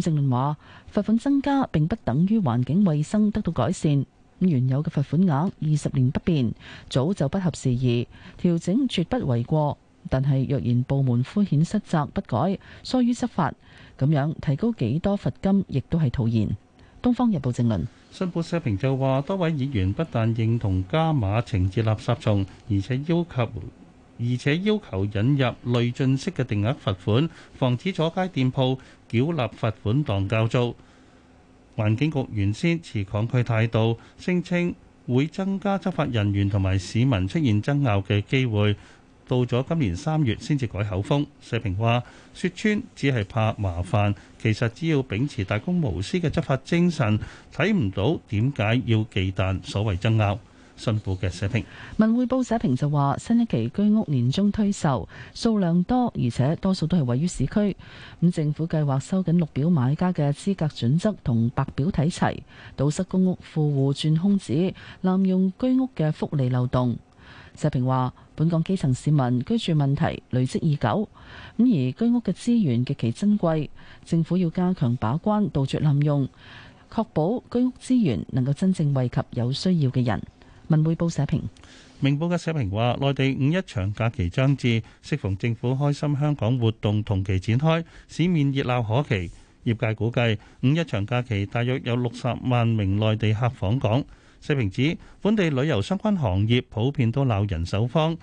正論話：罰款增加並不等於環境衛生得到改善。咁原有嘅罰款額二十年不變，早就不合時宜，調整絕不為過。但係若然部門敷衍失責不改、疏於執法，咁樣提高幾多罰金亦都係徒然。東方日報正論，信報社評就話：多位議員不但認同加碼懲治垃圾蟲，而且要求。而且要求引入累進式嘅定額罰款，防止咗街店鋪繳納罰款當交租。環境局原先持抗拒態度，聲稱會增加執法人員同埋市民出現爭拗嘅機會。到咗今年三月先至改口風，社評話說穿只係怕麻煩，其實只要秉持大公無私嘅執法精神，睇唔到點解要忌憚所謂爭拗。信報嘅社評文匯報社評就話：新一期居屋年終推售數量多，而且多數都係位於市區。咁政府計劃收緊綠表買家嘅資格準則同白表睇齊，堵塞公屋富戶轉空子，濫用居屋嘅福利漏洞。社評話：本港基層市民居住問題累積已久，咁而居屋嘅資源極其珍貴，政府要加強把關，杜絕濫用，確保居屋資源能夠真正惠及有需要嘅人。文匯報社評：明報嘅社評話，內地五一長假期將至，適逢政府開心香港活動同期展開，市面熱鬧可期。業界估計五一長假期大約有六十萬名內地客訪港。社評指本地旅遊相關行業普遍都鬧人手荒，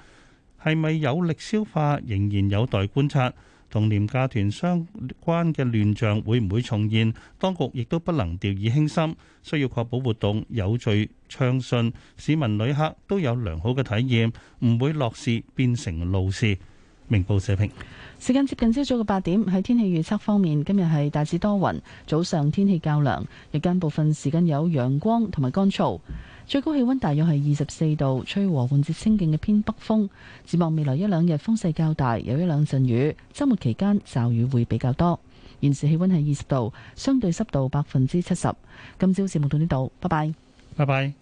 係咪有力消化仍然有待觀察。同廉價團相關嘅亂象會唔會重現？當局亦都不能掉以輕心，需要確保活動有序。暢順，市民旅客都有良好嘅體驗，唔會落事變成路事。明報社評。時間接近朝早嘅八點，喺天氣預測方面，今日係大致多雲，早上天氣較涼，日間部分時間有陽光同埋乾燥，最高氣溫大約係二十四度，吹和緩至清勁嘅偏北風。展望未來一兩日風勢較大，有一兩陣雨，週末期間驟雨會比較多。現時氣溫係二十度，相對濕度百分之七十。今朝節目到呢度，拜拜。拜拜。